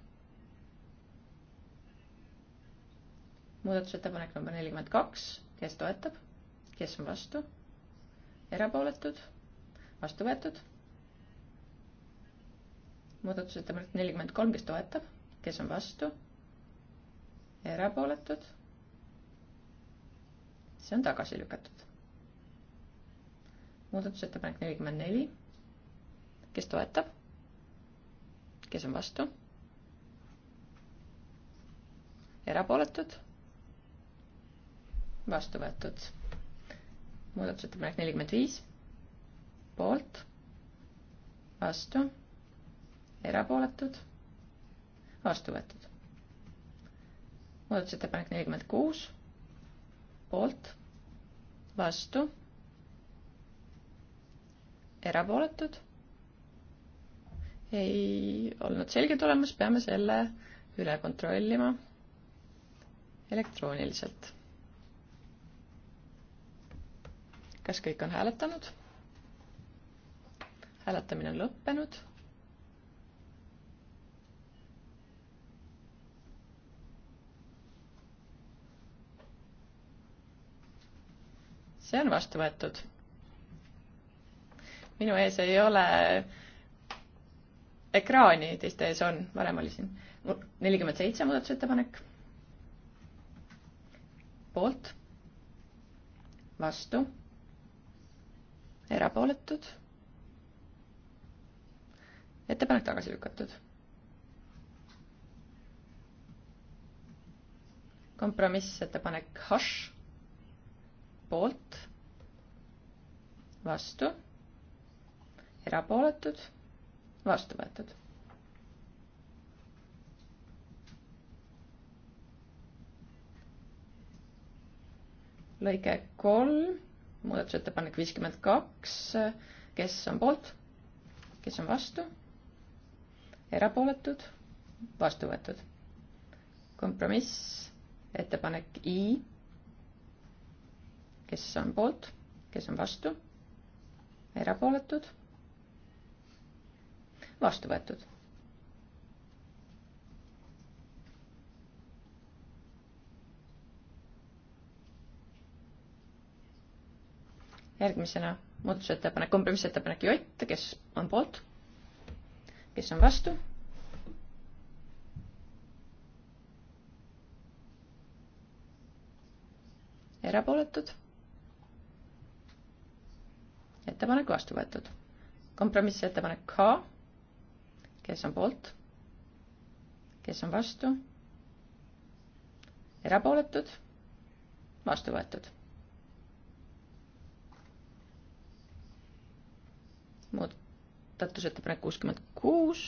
Speaker 4: muudatusettepanek number nelikümmend kaks, kes toetab, kes on vastu? erapooletud, vastu võetud. muudatusettepanek nelikümmend kolm, kes toetab, kes on vastu, erapooletud. see on tagasi lükatud. muudatusettepanek nelikümmend neli, kes toetab, kes on vastu, erapooletud, vastu võetud muudatusettepanek nelikümmend viis, poolt, vastu, erapooletud, vastu võetud. muudatusettepanek nelikümmend kuus, poolt, vastu, erapooletud, ei olnud selge tulemus, peame selle üle kontrollima elektrooniliselt kas kõik on hääletanud? hääletamine on lõppenud. see on vastu võetud. minu ees ei ole ekraani, teiste ees on, varem oli siin nelikümmend seitse muudatusettepanek. poolt, vastu erapooletud. ettepanek tagasi lükatud. kompromissettepanek hash, poolt, vastu, erapooletud, vastu võetud lõige kolm, muudatusettepanek viiskümmend kaks, kes on poolt, kes on vastu, erapooletud, vastu võetud. kompromiss, ettepanek I, kes on poolt, kes on vastu, erapooletud, vastu võetud järgmisena muudatusettepanek, kompromissettepanek J, kes on poolt, kes on vastu. erapooletud. ettepanek vastu võetud. kompromissettepanek K, kes on poolt, kes on vastu, erapooletud, vastu võetud muudatusettepanek kuuskümmend kuus.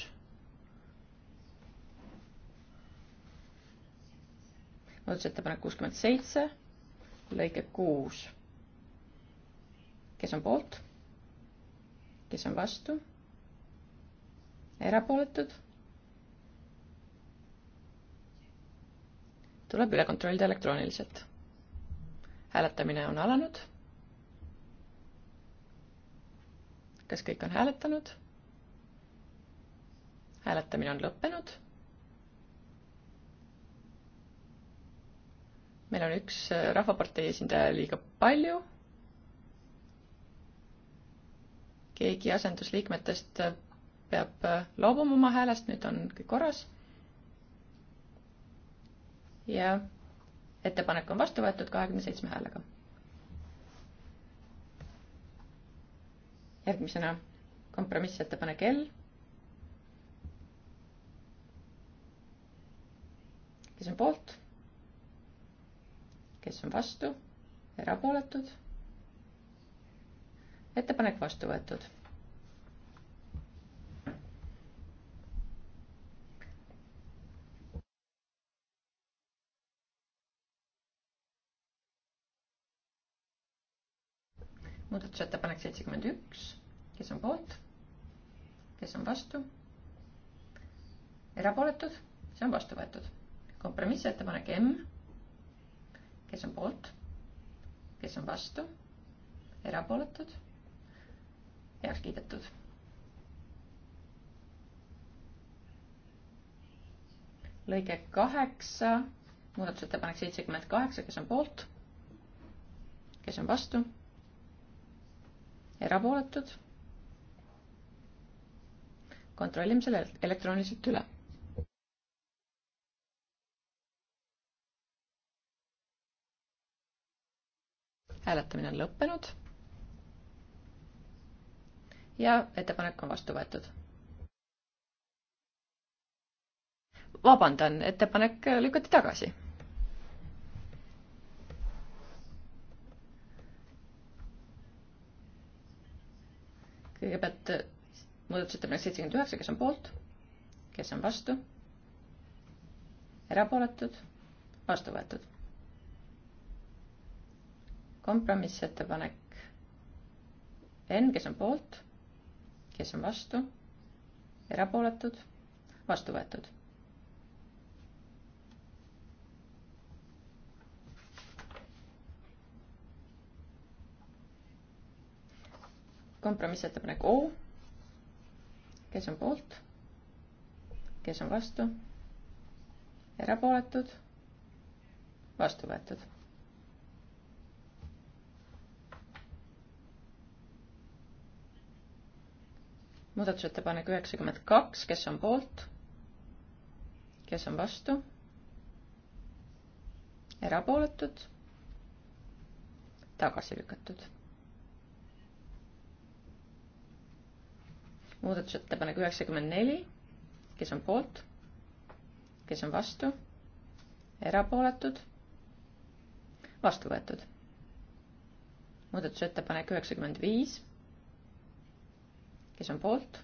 Speaker 4: muudatusettepanek kuuskümmend seitse, lõige kuus. kes on poolt? kes on vastu? erapooletud? tuleb üle kontrollida elektrooniliselt. hääletamine on alanud kas kõik on hääletanud? hääletamine on lõppenud. meil on üks äh, Rahvapartei esindaja liiga palju. keegi asendusliikmetest äh, peab äh, loobuma oma häälest, nüüd on kõik korras. ja ettepanek on vastu võetud kahekümne seitsme häälega järgmisena kompromissettepanek L. kes on poolt? kes on vastu? erapooletud? ettepanek vastu võetud
Speaker 1: muudatusettepanek
Speaker 4: seitsekümmend üks, kes on poolt, kes on vastu, erapooletud, see on vastu võetud. kompromissettepanek M, kes on poolt, kes on vastu, erapooletud, heaks kiidetud. lõige kaheksa, muudatusettepanek seitsekümmend kaheksa, kes on poolt, kes on vastu erapooletud. kontrollime selle elektrooniliselt üle. hääletamine on lõppenud. ja ettepanek on vastu võetud. vabandan, ettepanek lükati tagasi kõigepealt äh, muudatusettepanek seitsekümmend üheksa, kes on poolt, kes on vastu, erapooletud, vastu võetud. kompromissettepanek N, kes on poolt, kes on vastu, erapooletud, vastu võetud kompromissettepanek O. kes on poolt? kes on vastu? erapooletud? vastu võetud. muudatusettepanek üheksakümmend kaks, kes on poolt? kes on vastu? erapooletud? tagasi lükatud muudatusettepanek üheksakümmend neli, kes on poolt, kes on vastu, erapooletud, vastu võetud. muudatusettepanek üheksakümmend viis, kes on poolt,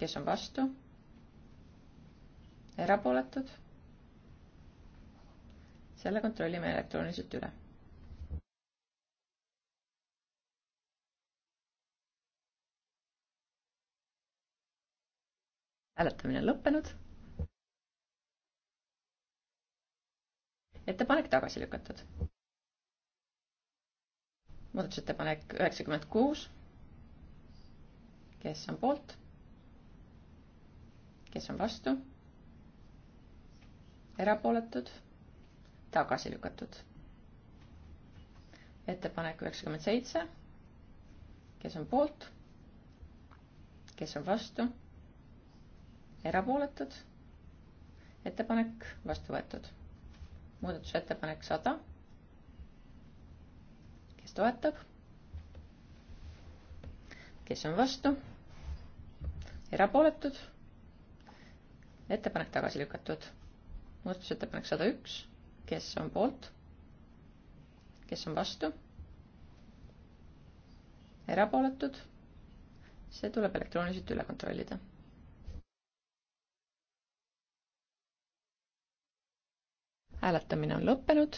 Speaker 4: kes on vastu, erapooletud. selle kontrollime elektrooniliselt üle hääletamine on lõppenud. ettepanek tagasi lükatud. muudatusettepanek üheksakümmend kuus. kes on poolt? kes on vastu? erapooletud? tagasi lükatud. ettepanek üheksakümmend seitse. kes on poolt? kes on vastu? erapooletud, ettepanek vastu võetud. muudatusettepanek sada. kes toetab? kes on vastu? erapooletud? ettepanek tagasi lükatud. muudatusettepanek sada üks, kes on poolt? kes on vastu? erapooletud? see tuleb elektrooniliselt üle kontrollida hääletamine on lõppenud.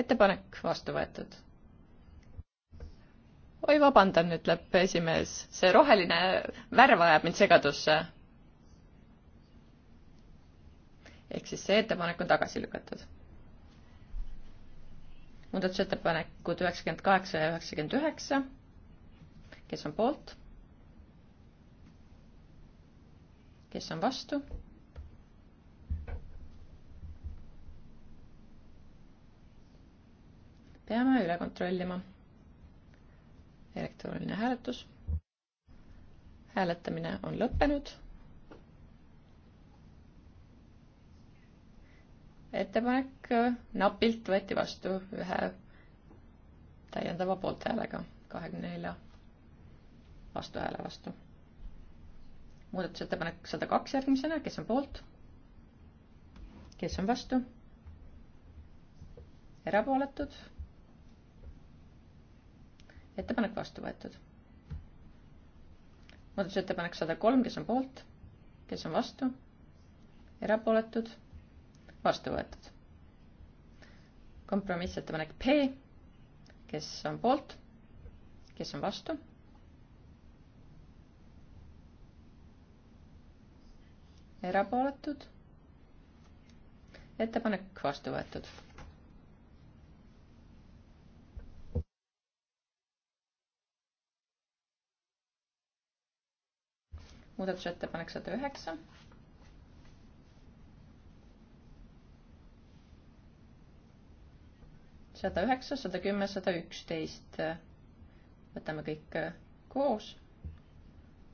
Speaker 4: ettepanek vastu võetud. oi, vabandan, ütleb esimees, see roheline värv ajab mind segadusse. ehk siis see ettepanek on tagasi lükatud. muudatusettepanekud üheksakümmend kaheksa ja üheksakümmend üheksa. kes on poolt? kes on vastu? peame üle kontrollima. elektrooniline hääletus. hääletamine on lõppenud. ettepanek napilt võeti vastu ühe täiendava poolthäälega, kahekümne nelja vastuhääle vastu. vastu muudatusettepanek sada kaks järgmisena, kes on poolt? kes on vastu? erapooletud? ettepanek vastu võetud. muudatusettepanek sada kolm, kes on poolt, kes on vastu, erapooletud, vastu võetud. kompromissettepanek P, kes on poolt, kes on vastu erapooletud, ettepanek vastu võetud muudatusettepanek sada üheksa. sada üheksa, sada kümme, sada üksteist. võtame kõik äh, koos.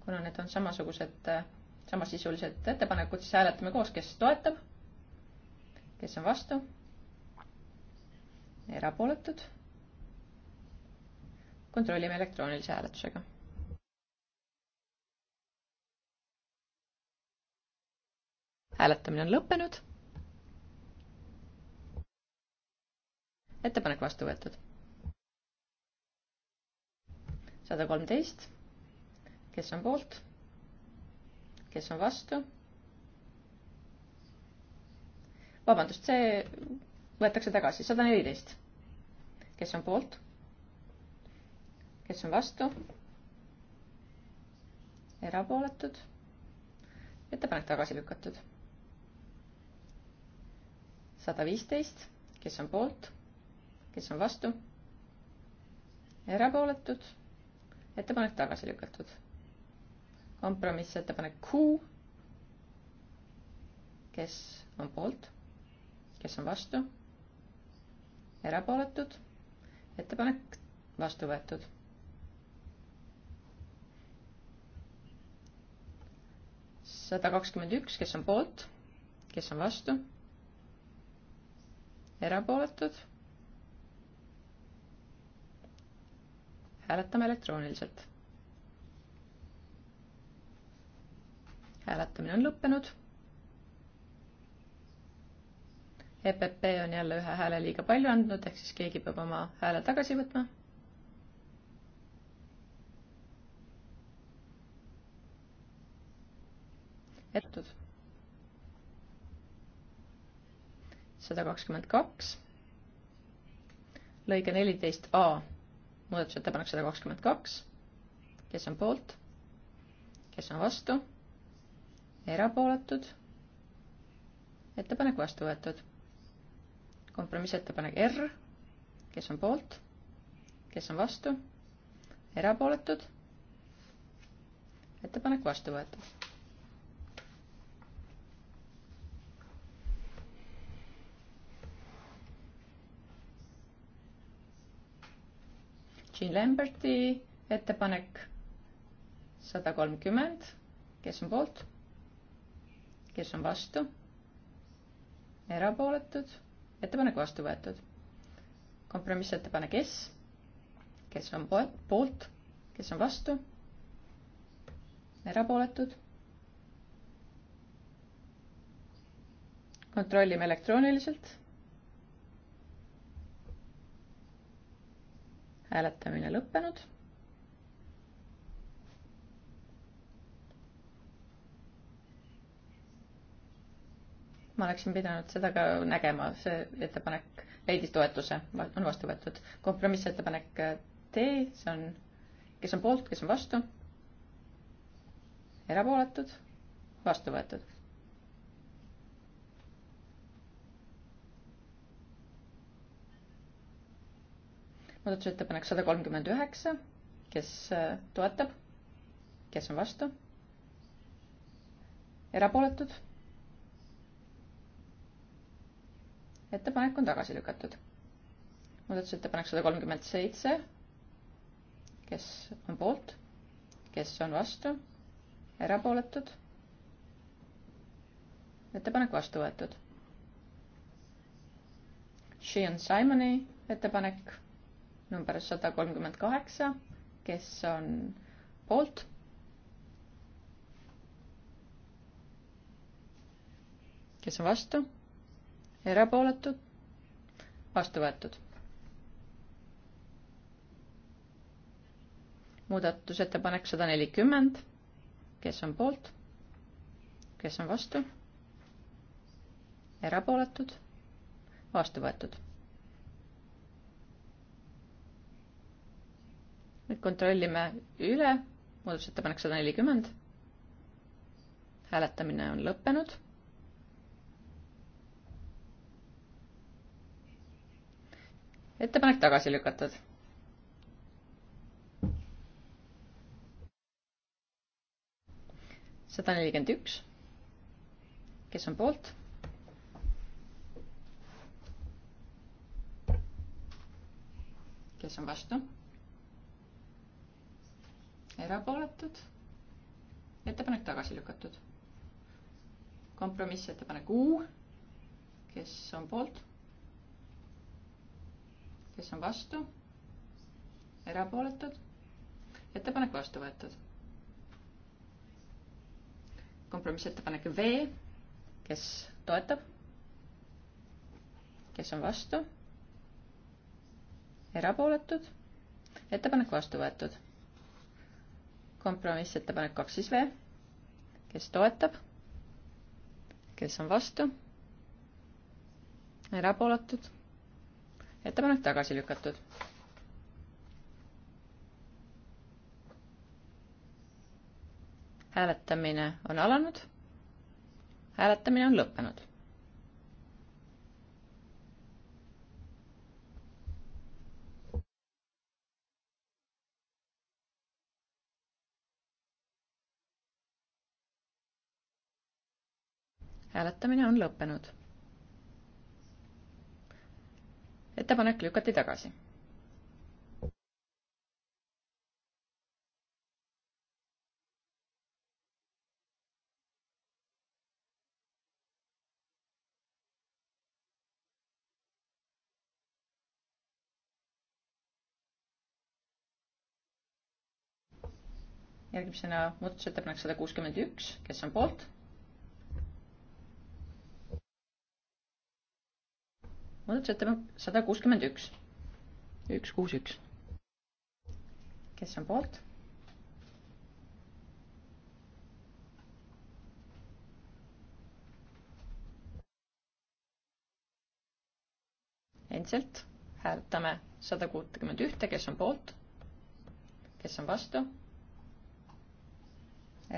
Speaker 4: kuna need on samasugused, äh, samasisulised ettepanekud, siis hääletame koos, kes toetab, kes on vastu, erapooletud. kontrollime elektroonilise hääletusega hääletamine on lõppenud. ettepanek vastu võetud. sada kolmteist. kes on poolt? kes on vastu? vabandust, see võetakse tagasi, sada neliteist. kes on poolt? kes on vastu? erapooletud. ettepanek tagasi lükatud sada viisteist, kes on poolt, kes on vastu, erapooletud, ettepanek tagasi lükatud. kompromissettepanek Q, kes on poolt, kes on vastu, erapooletud, ettepanek vastu võetud sada kakskümmend üks, kes on poolt, kes on vastu erapooletud. hääletame elektrooniliselt. hääletamine on lõppenud. EPP on jälle ühe hääle liiga palju andnud, ehk siis keegi peab oma hääle tagasi võtma. jätnud sada kakskümmend kaks, lõige neliteist A, muudatusettepanek sada kakskümmend kaks, kes on poolt, kes on vastu, erapooletud, ettepanek vastu võetud. kompromissettepanek R, kes on poolt, kes on vastu, erapooletud, ettepanek vastu võetud Jean Lamberti ettepanek sada kolmkümmend, kes on poolt, kes on vastu, erapooletud, ettepanek vastu võetud. kompromissettepanek S, kes on poolt, kes on vastu, erapooletud. kontrollime elektrooniliselt hääletamine lõppenud. ma oleksin pidanud seda ka nägema, see ettepanek leidis toetuse, on vastu võetud. kompromissettepanek D, see on, kes on poolt, kes on vastu, erapooletud, vastu võetud muudatusettepanek sada kolmkümmend üheksa, kes äh, toetab, kes on vastu? erapooletud? ettepanek on tagasi lükatud. muudatusettepanek sada kolmkümmend seitse, kes on poolt, kes on vastu, erapooletud? ettepanek vastu võetud. She on Simoni ettepanek number sada kolmkümmend kaheksa, kes on poolt? kes on vastu? erapooletud? vastu võetud. muudatusettepanek sada nelikümmend, kes on poolt? kes on vastu? erapooletud? vastu võetud nüüd kontrollime üle, muudatusettepanek sada nelikümmend. hääletamine on lõppenud. ettepanek tagasi lükatud sada nelikümmend üks. kes on poolt? kes on vastu? erapooletud, ettepanek tagasi lükatud. kompromissettepanek U, kes on poolt, kes on vastu, erapooletud, ettepanek vastu võetud. kompromissettepanek V, kes toetab, kes on vastu, erapooletud, ettepanek vastu võetud kompromissettepanek kaks siis V, kes toetab, kes on vastu, erapooletud, ettepanek tagasi lükatud. hääletamine on alanud, hääletamine on lõppenud hääletamine on lõppenud. ettepanek lükati tagasi. järgmisena muudatusettepanek sada kuuskümmend üks, kes on poolt muudatusettepanek sada kuuskümmend üks, üks, kuus, üks. kes on poolt? endiselt hääletame sada kuutekümmend ühte, kes on poolt, kes on vastu,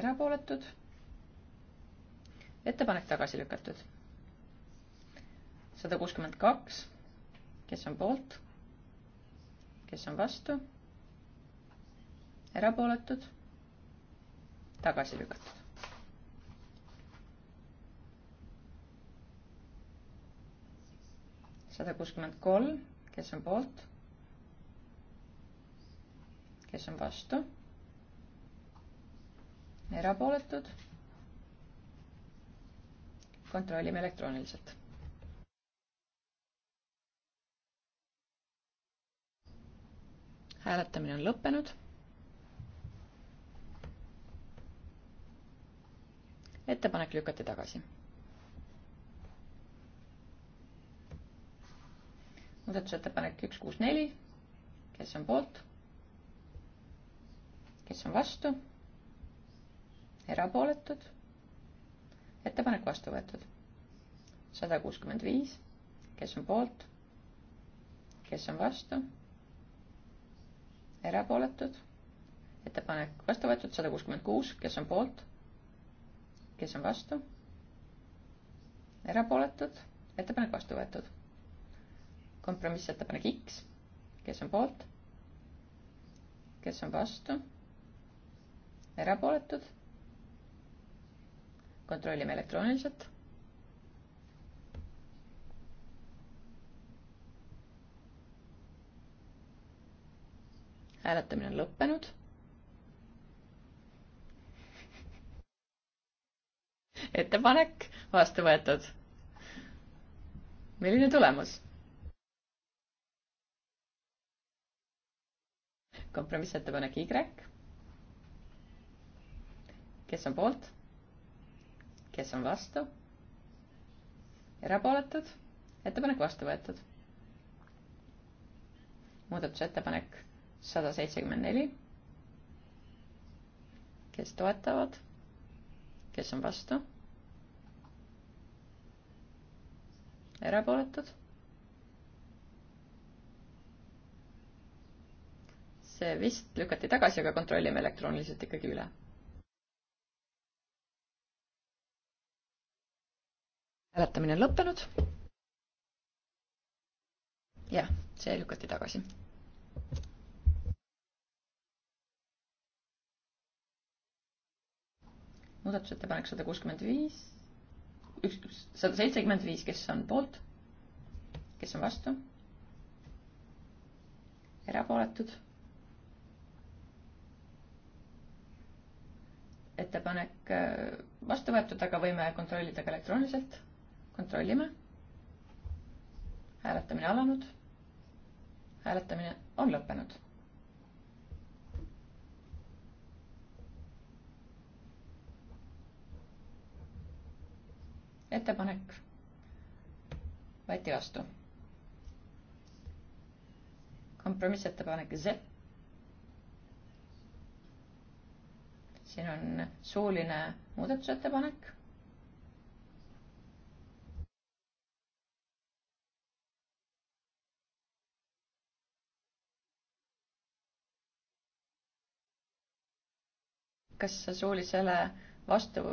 Speaker 4: erapooletud, ettepanek tagasi lükatud sada kuuskümmend kaks, kes on poolt, kes on vastu, erapooletud, tagasi lükatud. sada kuuskümmend kolm, kes on poolt, kes on vastu, erapooletud, kontrollime elektrooniliselt hääletamine on lõppenud. ettepanek lükati tagasi. muudatusettepanek üks, kuus, neli, kes on poolt? kes on vastu? erapooletud? ettepanek vastu võetud. sada kuuskümmend viis, kes on poolt? kes on vastu? erapooletud, ettepanek vastu võetud sada kuuskümmend kuus, kes on poolt, kes on vastu, erapooletud, ettepanek vastu võetud. kompromissettepanek X, kes on poolt, kes on vastu, erapooletud, kontrollime elektrooniliselt hääletamine on lõppenud. ettepanek vastu võetud. milline tulemus? kompromissettepanek Y. kes on poolt? kes on vastu? erapooletud? ettepanek vastu võetud. muudatusettepanek sada seitsekümmend neli. kes toetavad, kes on vastu? erapooletud? see vist lükati tagasi, aga kontrollime elektrooniliselt ikkagi üle. hääletamine on lõppenud. jah, see lükati tagasi muudatusettepanek sada kuuskümmend viis, üks, sada seitsekümmend viis, kes on poolt, kes on vastu, erapooletud. ettepanek äh, vastu võetud, aga võime kontrollida ka elektrooniliselt. kontrollime. hääletamine alanud. hääletamine on lõppenud ettepanek võeti vastu. kompromissettepanek Z. siin on suuline muudatusettepanek kas suulisele vastu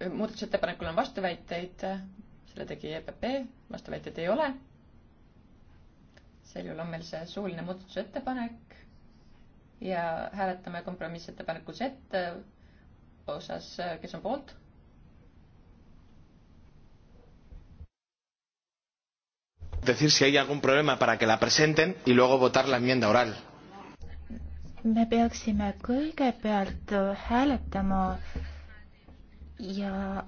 Speaker 4: muudatusettepanekul on vastuväiteid, selle tegi EPP, vastuväiteid ei ole. sel juhul on meil see suuline muudatusettepanek ja hääletame kompromissettepaneku Z osas, kes on poolt. Decir si hay algún problema para que la presenten y luego votar la enmienda oral
Speaker 3: me peaksime kõigepealt hääletama äh, ja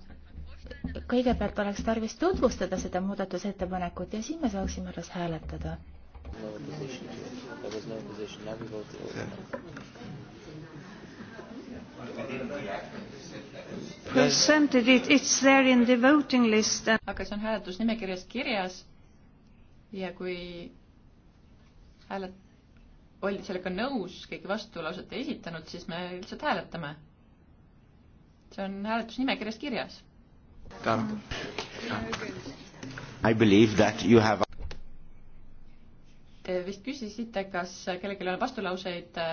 Speaker 3: kõigepealt oleks tarvis tutvustada seda muudatusettepanekut ja siin me saaksime alles hääletada.
Speaker 1: Presented it, it's there in the voting
Speaker 4: list. aga see on hääletusnimekirjas kirjas ja kui hääled, oldi sellega nõus, keegi vastulauset ei esitanud, siis me lihtsalt hääletame see on hääletusnimekirjas kirjas.
Speaker 3: I believe that you have
Speaker 4: Te vist küsisite, kas kellelgi on vastulauseid äh,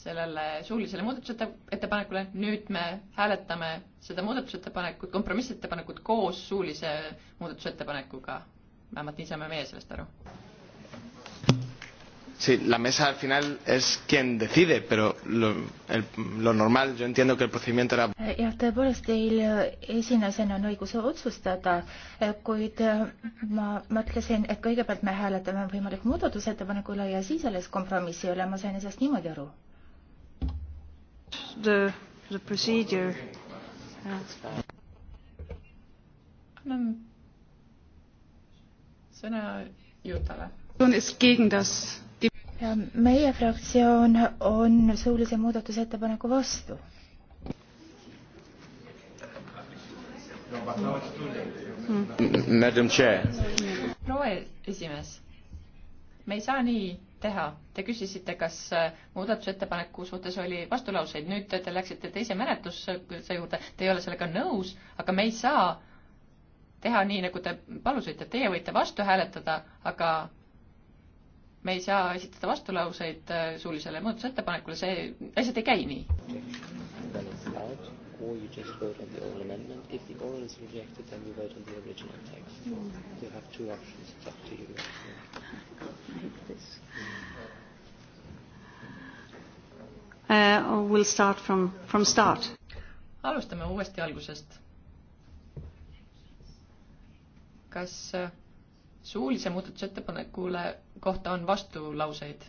Speaker 4: sellele suulisele muudatusettepanekule, nüüd me hääletame seda muudatusettepanekut, kompromissettepanekut koos suulise muudatusettepanekuga. vähemalt nii saame meie sellest aru
Speaker 2: Sí, la mesa al final es quien decide, pero lo, el,
Speaker 4: lo normal, yo entiendo que el procedimiento era...
Speaker 3: Eh, jah, tõepoolest teil esimesena on õigus otsustada, eh, kuid eh, ma mõtlesin, et kõigepealt me hääletame võimaliku muudatusettepaneku üle ja siis alles kompromissi üle, ma sain asjast niimoodi aru.
Speaker 1: The, the procedure yeah..
Speaker 4: anname sõna Jutale.
Speaker 3: ist gegen das meie fraktsioon on suulise muudatusettepaneku
Speaker 4: vastu. proua esimees, me ei saa nii teha. Te küsisite, kas äh, muudatusettepaneku suhtes oli vastulauseid, nüüd te läksite teise menetlusse juurde, te ei ole sellega nõus, aga me ei saa teha nii, nagu te palusite, teie võite vastu hääletada, aga me ei saa esitada vastulauseid äh, suulisele muudatusettepanekule, see, asjad ei käi nii. Or you just vote on the oral amendment. If the oral is rejected,
Speaker 1: then you vote on the original text. Mm. You have two options. It's up to you. I can't make this. Uh, we'll start from, from start.
Speaker 4: alustame uuesti algusest. kas uh, suulise muudatusettepanekule kohta on vastulauseid.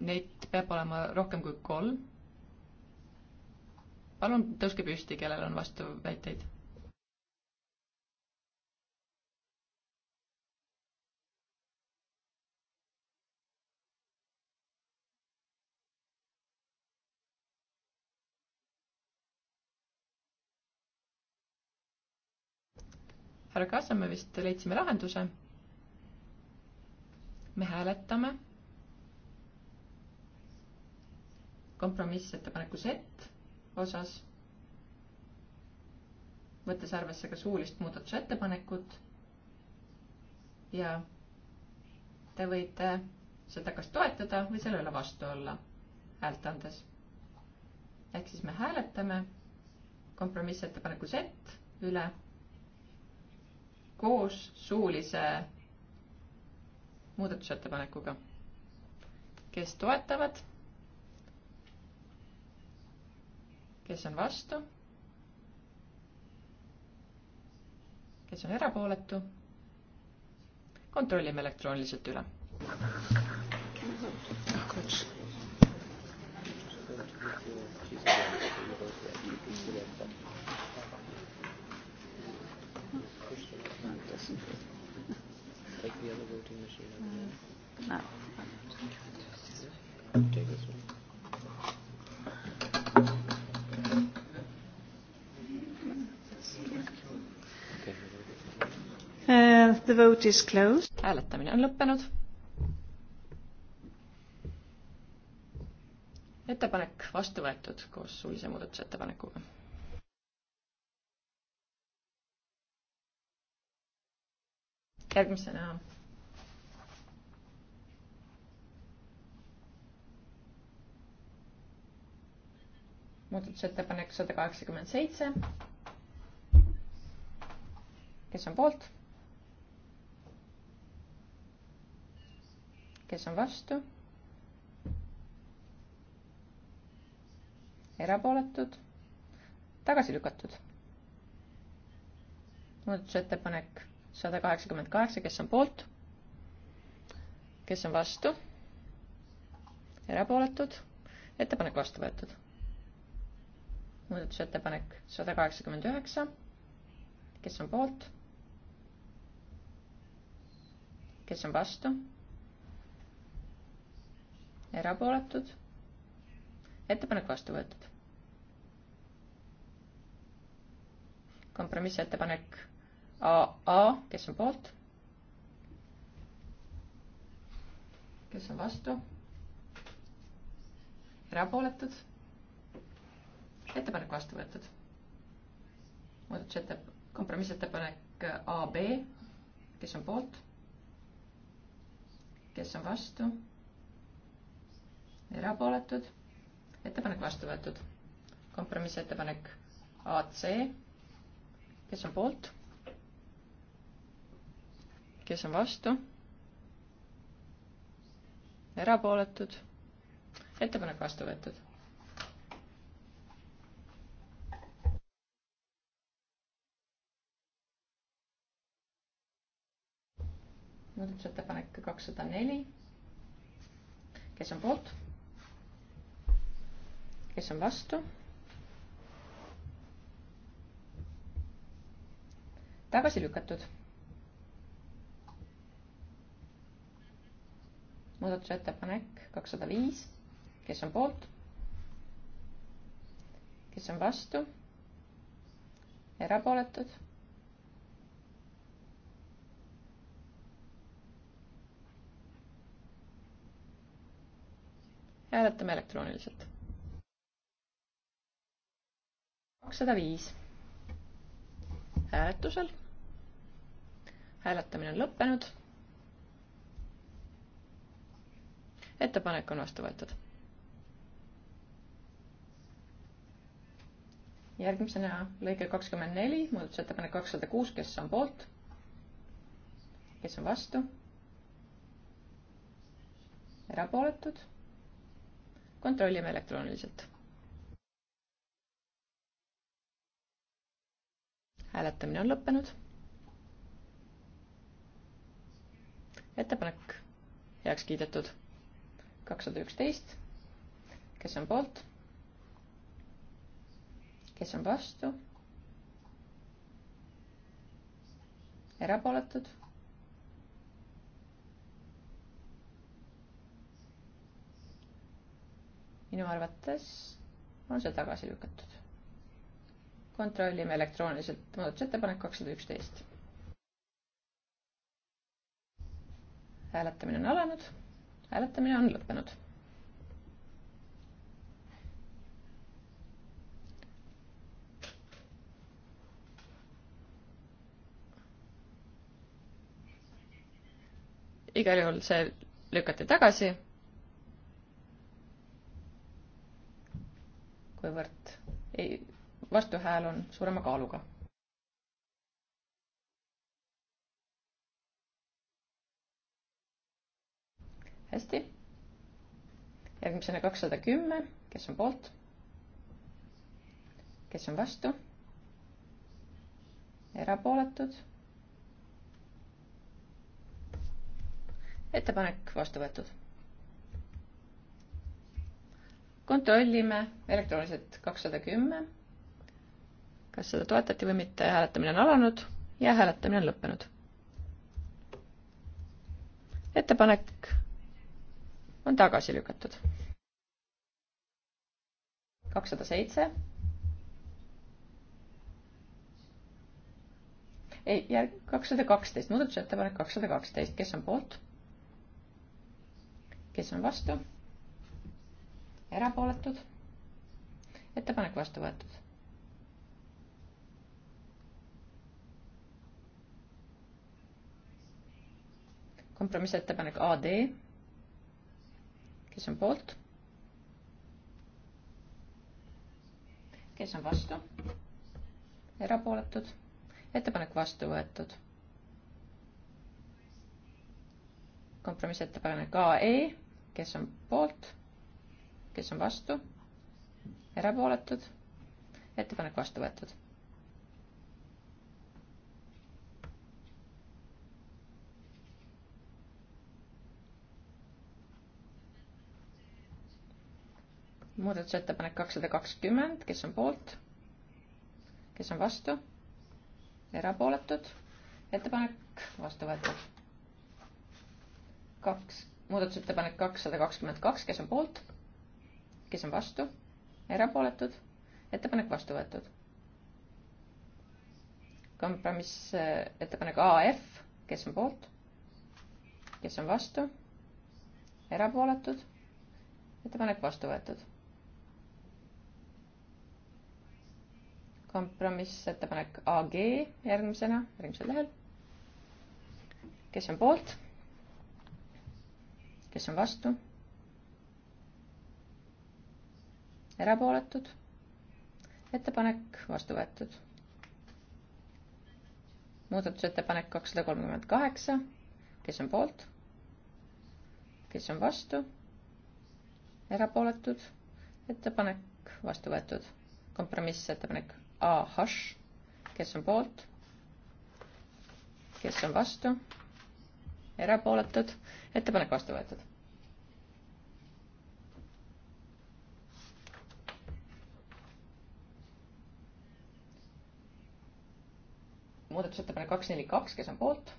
Speaker 4: Neid peab olema rohkem kui kolm. palun tõuske püsti, kellel on vastuväiteid härra Kaasa, me vist leidsime lahenduse. me hääletame. kompromissettepaneku sett osas, võttes arvesse ka suulist muudatusettepanekut. ja te võite seda kas toetada või selle üle vastu olla häält andes. ehk siis me hääletame kompromissettepaneku sett üle koos suulise muudatusettepanekuga. kes toetavad? kes on vastu? kes on erapooletu? kontrollime elektrooniliselt üle. Take the other
Speaker 1: voting machine over there. No. Take this one. The vote is
Speaker 4: closed. hääletamine on lõppenud. ettepanek vastu võetud koos suulise muudatusettepanekuga järgmisena. muudatusettepanek sada kaheksakümmend seitse. kes on poolt? kes on vastu? erapooletud, tagasi lükatud. muudatusettepanek sada kaheksakümmend kaheksa, kes on poolt? kes on vastu? erapooletud? ettepanek vastu võetud. muudatusettepanek sada kaheksakümmend üheksa. kes on poolt? kes on vastu? erapooletud? ettepanek vastu võetud. kompromissettepanek AA, kes on poolt? kes on vastu? erapooletud? ettepanek vastu võetud. muudatusettepanek, kompromissettepanek AB, kes on poolt? kes on vastu? erapooletud? ettepanek vastu võetud. kompromissettepanek AC, kes on poolt? kes on vastu? erapooletud? ettepanek vastu võetud. muudatusettepanek kakssada neli. kes on poolt? kes on vastu? tagasi lükatud muudatusettepanek kakssada viis, kes on poolt? kes on vastu? erapooletud? hääletame elektrooniliselt. kakssada viis hääletusel. hääletamine on lõppenud ettepanek on vastu võetud. järgmisena lõige kakskümmend neli, muudatusettepanek kakssada kuus, kes on poolt? kes on vastu? erapooletud? kontrollime elektrooniliselt. hääletamine on lõppenud. ettepanek heaks kiidetud kakssada üksteist, kes on poolt? kes on vastu? erapooletud? minu arvates on see tagasi lükatud. kontrollime elektrooniliselt muudatusettepanek kakssada üksteist. hääletamine on alanud hääletamine on lõppenud. igal juhul see lükati tagasi. kuivõrd ei, vastuhääl on suurema kaaluga hästi. järgmisena kakssada kümme, kes on poolt? kes on vastu? erapooletud? ettepanek vastu võetud. kontrollime elektrooniliselt kakssada kümme. kas seda toetati või mitte, hääletamine on alanud ja hääletamine on lõppenud. ettepanek on tagasi lükatud. kakssada seitse. ei, järg kakssada kaksteist, muudatusettepanek kakssada kaksteist, kes on poolt? kes on vastu? erapooletud? ettepanek vastu võetud. kompromissettepanek AD kes on poolt? kes on vastu? erapooletud? ettepanek vastu võetud. kompromissettepanek AE, kes on poolt? kes on vastu? erapooletud? ettepanek vastu võetud muudatusettepanek kakssada kakskümmend, kes on poolt? kes on vastu? erapooletud? ettepanek vastu võetud. kaks, muudatusettepanek kakssada kakskümmend kaks, kes on poolt? kes on vastu? erapooletud? ettepanek vastu võetud. kompromiss, äh, ettepanek AF, kes on poolt? kes on vastu? erapooletud? ettepanek vastu võetud kompromissettepanek AG järgmisena, järgmisel lehel. kes on poolt? kes on vastu? erapooletud? ettepanek vastu võetud. muudatusettepanek kakssada kolmkümmend kaheksa, kes on poolt? kes on vastu? erapooletud? ettepanek vastu võetud. kompromissettepanek AH, kes on poolt, kes on vastu, erapooletud, ettepanek vastu võetud. muudatusettepanek kaks neli kaks, kes on poolt?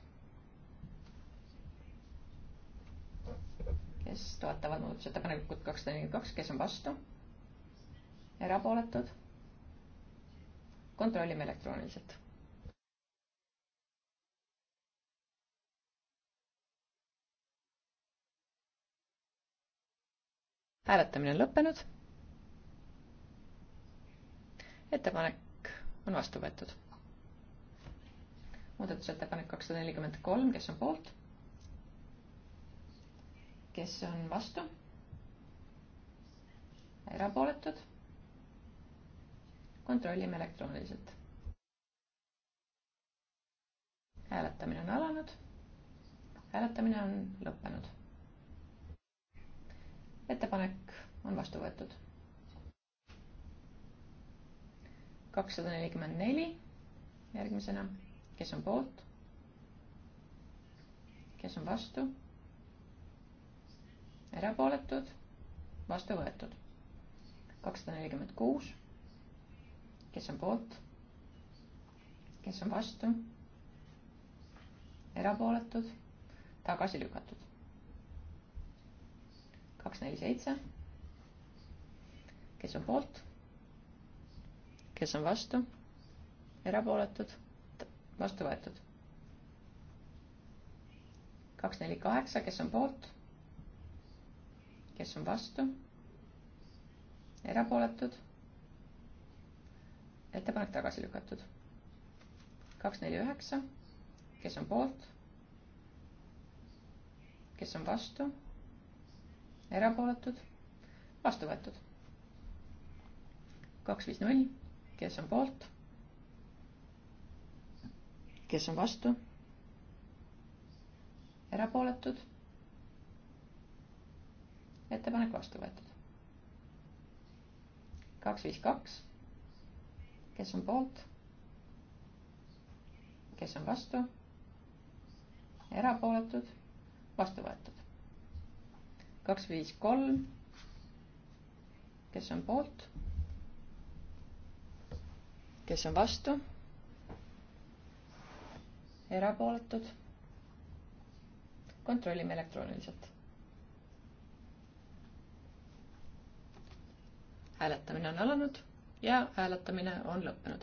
Speaker 4: kes toetavad muudatusettepanekut kaks neli kaks, kes on vastu? erapooletud kontrollime elektrooniliselt. hääletamine on lõppenud. ettepanek on vastu võetud. muudatusettepanek kakssada nelikümmend kolm, kes on poolt? kes on vastu? erapooletud kontrollime elektrooniliselt. hääletamine on alanud. hääletamine on lõppenud. ettepanek on vastu võetud. kakssada nelikümmend neli järgmisena, kes on poolt? kes on vastu? erapooletud, vastu võetud. kakssada nelikümmend kuus kes on poolt, kes on vastu, erapooletud, tagasi lükatud. kaks, neli, seitse. kes on poolt, kes on vastu, erapooletud, vastu võetud. kaks, neli, kaheksa, kes on poolt, kes on vastu, erapooletud ettepanek tagasi lükatud. kaks, neli, üheksa, kes on poolt? kes on vastu? erapooletud? vastu võetud. kaks, viis, null, kes on poolt? kes on vastu? erapooletud? ettepanek vastu võetud. kaks, viis, kaks kes on poolt? kes on vastu? erapooletud, vastu võetud. kaks, viis, kolm. kes on poolt? kes on vastu? erapooletud. kontrollime elektrooniliselt. hääletamine on alanud ja hääletamine on lõppenud.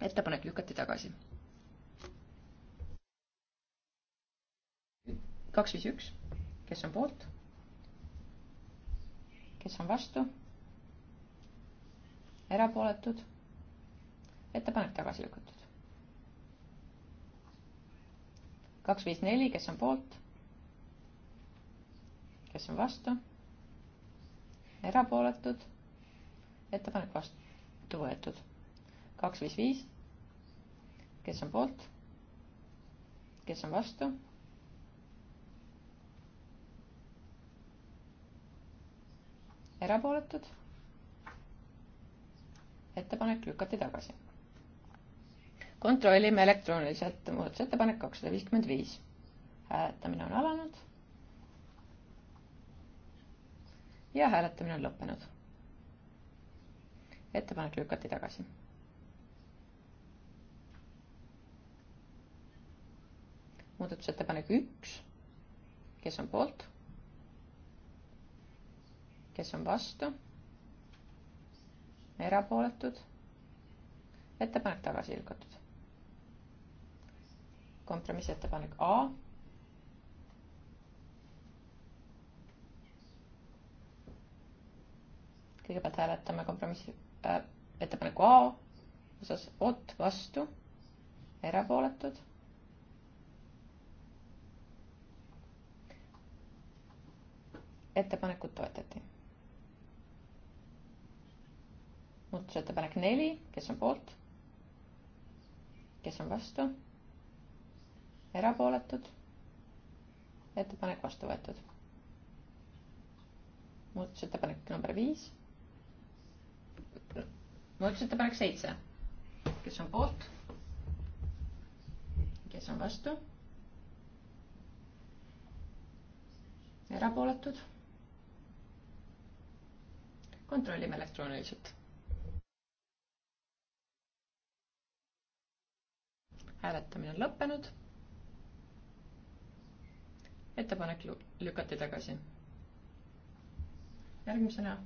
Speaker 4: ettepanek lükati tagasi. kaks, viis, üks, kes on poolt? kes on vastu? erapooletud? ettepanek tagasi lükatud. kaks, viis, neli, kes on poolt? kes on vastu? erapooletud, ettepanek vastu võetud. kaks, viis, viis, kes on poolt, kes on vastu? erapooletud, ettepanek lükati tagasi. kontrollime elektrooniliselt muudatusettepanek kakssada viiskümmend viis. hääletamine on alanud ja hääletamine on lõppenud. ettepanek lükati tagasi. muudatusettepanek üks, kes on poolt? kes on vastu? erapooletud? ettepanek tagasi lükatud. kompromissettepanek A kõigepealt hääletame kompromissi äh, ettepaneku A osas Ott vastu, erapooletud. ettepanekut toetati. muudatusettepanek neli, kes on poolt? kes on vastu? erapooletud? ettepanek vastu võetud. muudatusettepanek number viis muudatusettepanek seitse, kes on poolt? kes on vastu? erapooletud? kontrollime elektrooniliselt. hääletamine on lõppenud. ettepanek lükati tagasi. järgmisena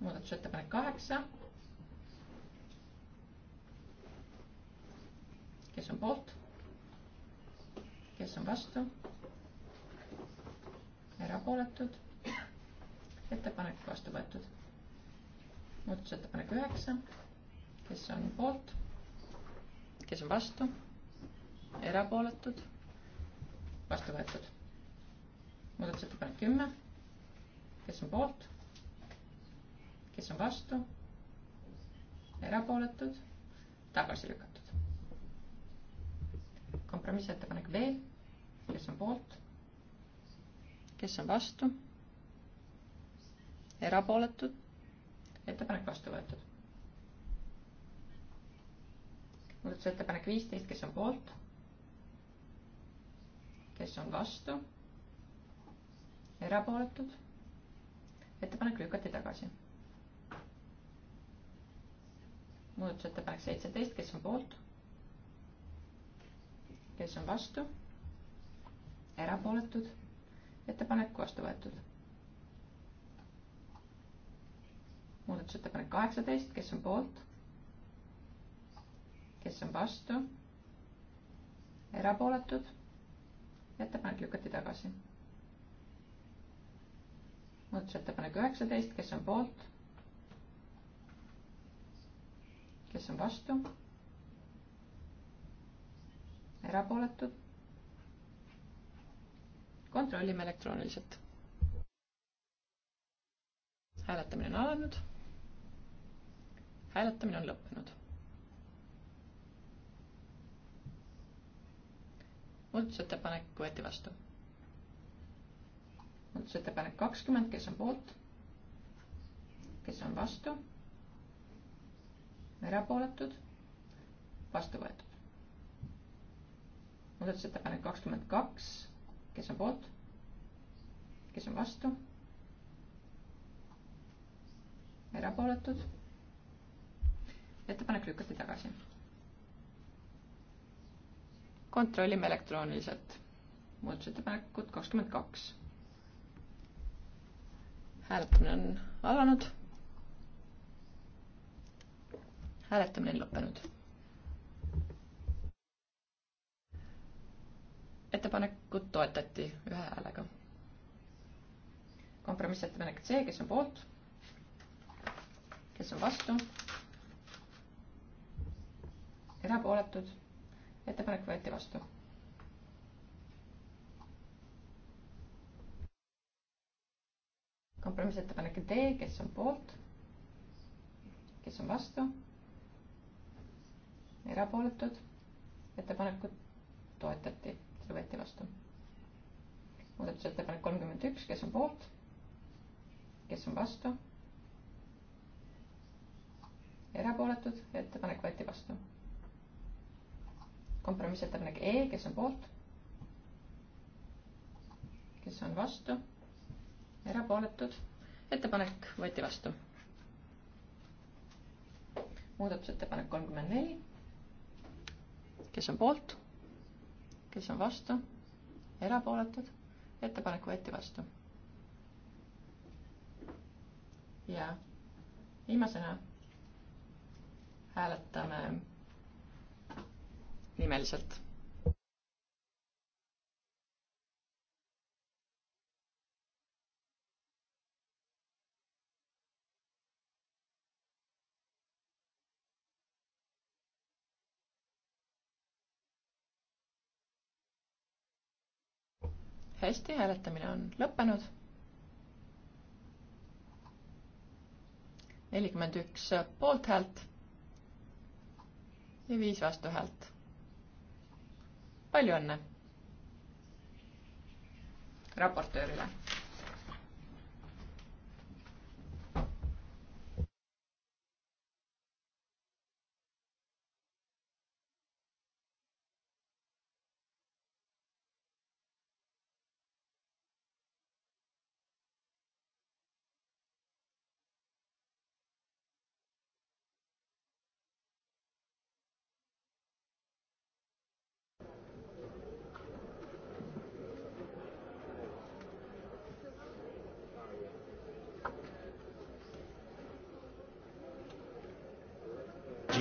Speaker 4: muudatusettepanek kaheksa. kes on poolt? kes on vastu? erapooletud? ettepanek vastu võetud. muudatusettepanek üheksa. kes on poolt? kes on vastu? erapooletud? vastu võetud. muudatusettepanek kümme. kes on poolt? kes on vastu, erapooletud, tagasi lükatud. kompromissettepanek B, kes on poolt, kes on vastu, erapooletud, ettepanek vastu võetud. muudatusettepanek viisteist, kes on poolt, kes on vastu, erapooletud, ettepanek lükati tagasi muudatusettepanek seitseteist, kes on poolt? kes on vastu? erapooletud? ettepanek vastu võetud. muudatusettepanek kaheksateist, kes on poolt? kes on vastu? erapooletud? ettepanek lükati tagasi. muudatusettepanek üheksateist, kes on poolt? kes on vastu? erapooletud? kontrollime elektrooniliselt. hääletamine on alanud. hääletamine on lõppenud. muudatusettepanek võeti vastu. muudatusettepanek kakskümmend, kes on poolt? kes on vastu? erapooletud, vastu võetud. muudatusettepanek kakskümmend kaks, kes on poolt, kes on vastu, erapooletud, ettepanek lükati tagasi. kontrollime elektrooniliselt muudatusettepanekut kakskümmend kaks. hääletamine on alanud hääletamine on lõppenud. ettepanekut toetati ühe häälega. kompromissettepanek C, kes on poolt, kes on vastu, erapooletud, ettepanek võeti vastu kompromissettepanek D, kes on poolt, kes on vastu erapooletud, ettepanekut toetati, see võeti vastu. muudatusettepanek kolmkümmend üks, kes on poolt, kes on vastu, erapooletud, ettepanek võeti vastu. kompromissettepanek E, kes on poolt, kes on vastu, erapooletud, ettepanek võeti vastu muudatusettepanek kolmkümmend neli kes on poolt, kes on vastu, erapooletud, ettepanek võeti vastu. ja viimasena hääletame nimeliselt hästi, hääletamine on lõppenud. nelikümmend üks poolthäält ja viis vastuhäält. palju õnne raportöörile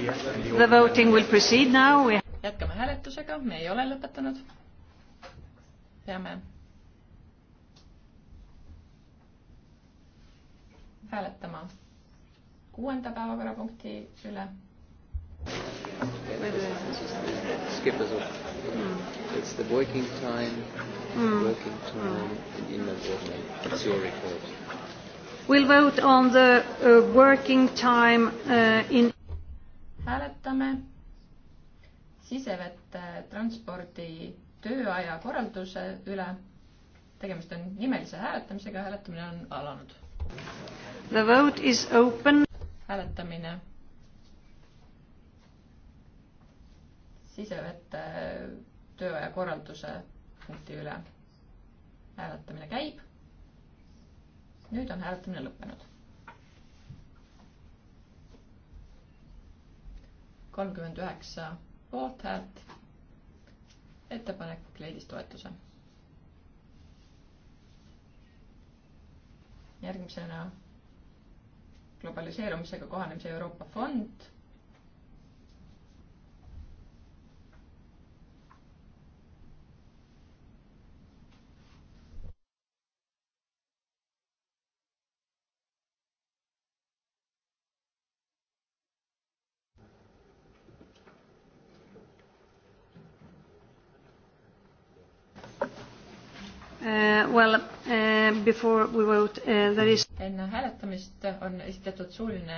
Speaker 1: The voting will
Speaker 4: proceed now. jätkame hääletusega, me ei ole lõpetanud. peame hääletama kuuenda päevakorrapunkti üle. Skip as
Speaker 1: well mm.. It's the working time mm., working time mm. in the working. It's your report. We'll vote on the uh, working time uh, in hääletame sisevete
Speaker 4: transpordi tööaja korralduse üle. tegemist on nimelise hääletamisega, hääletamine on alanud.
Speaker 1: The vote is open.
Speaker 4: hääletamine. sisevete tööaja korralduse punkti üle. hääletamine käib. nüüd on hääletamine lõppenud kolmkümmend üheksa poolthäält. ettepanek leidis toetuse. järgmisena globaliseerumisega kohanemise Euroopa Fond
Speaker 1: Uh, well,
Speaker 4: uh, before we vote, uh, there is enne hääletamist on esitatud suuline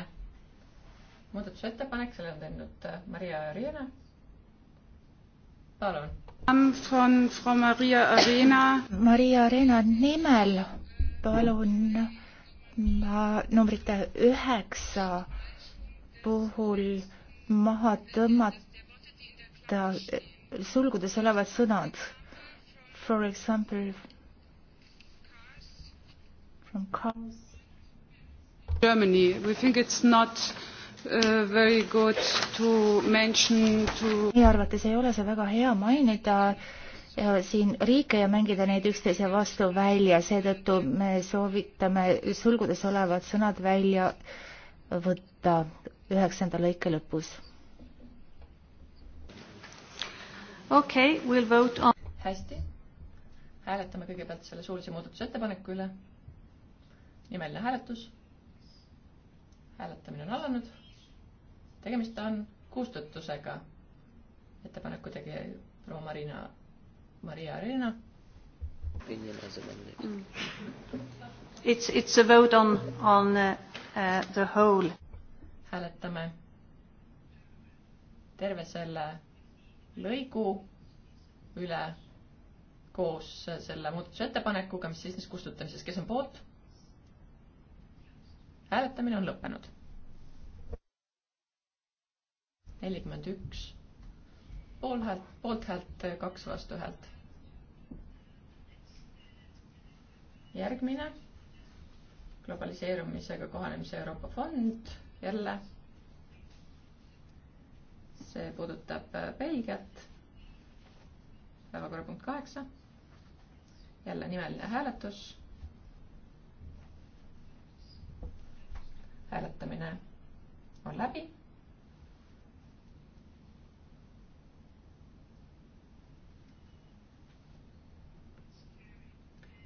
Speaker 4: muudatusettepanek, selle on teinud äh, Maria Arena. palun.
Speaker 3: From, from Maria Arena. Maria Arena nimel palun ma numbrite üheksa puhul maha tõmmata sulgudes olevad sõnad. For example
Speaker 1: from Commons. Germany. We think it's not uh, very good to mention to
Speaker 3: meie arvates ei ole see väga hea mainida ja siin riike ja mängida neid üksteise vastu välja, seetõttu me soovitame sulgudes olevad sõnad välja võtta üheksanda lõike lõpus.
Speaker 4: okei okay,, we'll vote on. hästi, hääletame kõigepealt selle suulise muudatusettepaneku üle nimeline hääletus. hääletamine on alanud. tegemist on kustutusega. ettepaneku tegi proua Marina, Maria Arena.
Speaker 1: It's, it's a vote on, on uh, uh the whole. hääletame
Speaker 4: terve selle lõigu üle koos selle muudatusettepanekuga, mis seisnes kustutamises, kes on poolt hääletamine on lõppenud. nelikümmend üks poolhäält, poolthäält, kaks vastuhäält. järgmine globaliseerumisega kohanemise Euroopa fond jälle. see puudutab äh, Belgiat. päevakorrapunkt kaheksa. jälle nimeline hääletus hääletamine on läbi.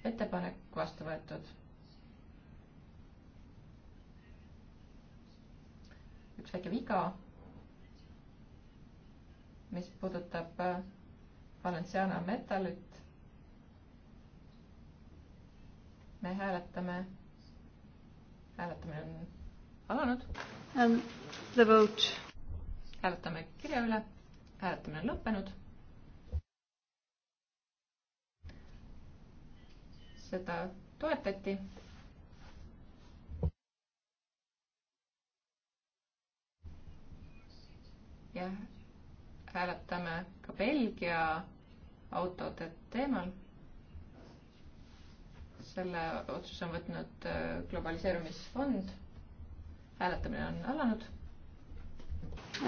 Speaker 4: ettepanek vastu võetud. üks väike viga, mis puudutab äh, Valenciana metallit. me hääletame, hääletamine on alanud um,. The vote. hääletame kirja üle. hääletamine on lõppenud. seda toetati. ja hääletame ka Belgia autode teemal selle otsuse on võtnud äh, globaliseerumisfond hääletamine on alanud.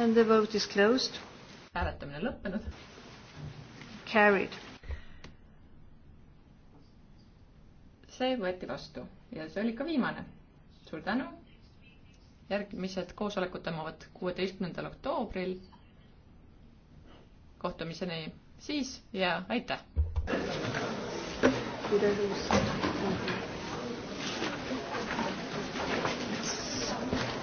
Speaker 1: And the vote is closed. hääletamine on lõppenud. Carried.
Speaker 4: see võeti vastu ja see oli ka viimane. suur tänu. järgmised koosolekud toimuvad kuueteistkümnendal oktoobril. kohtumiseni siis ja aitäh.
Speaker 1: kuidas?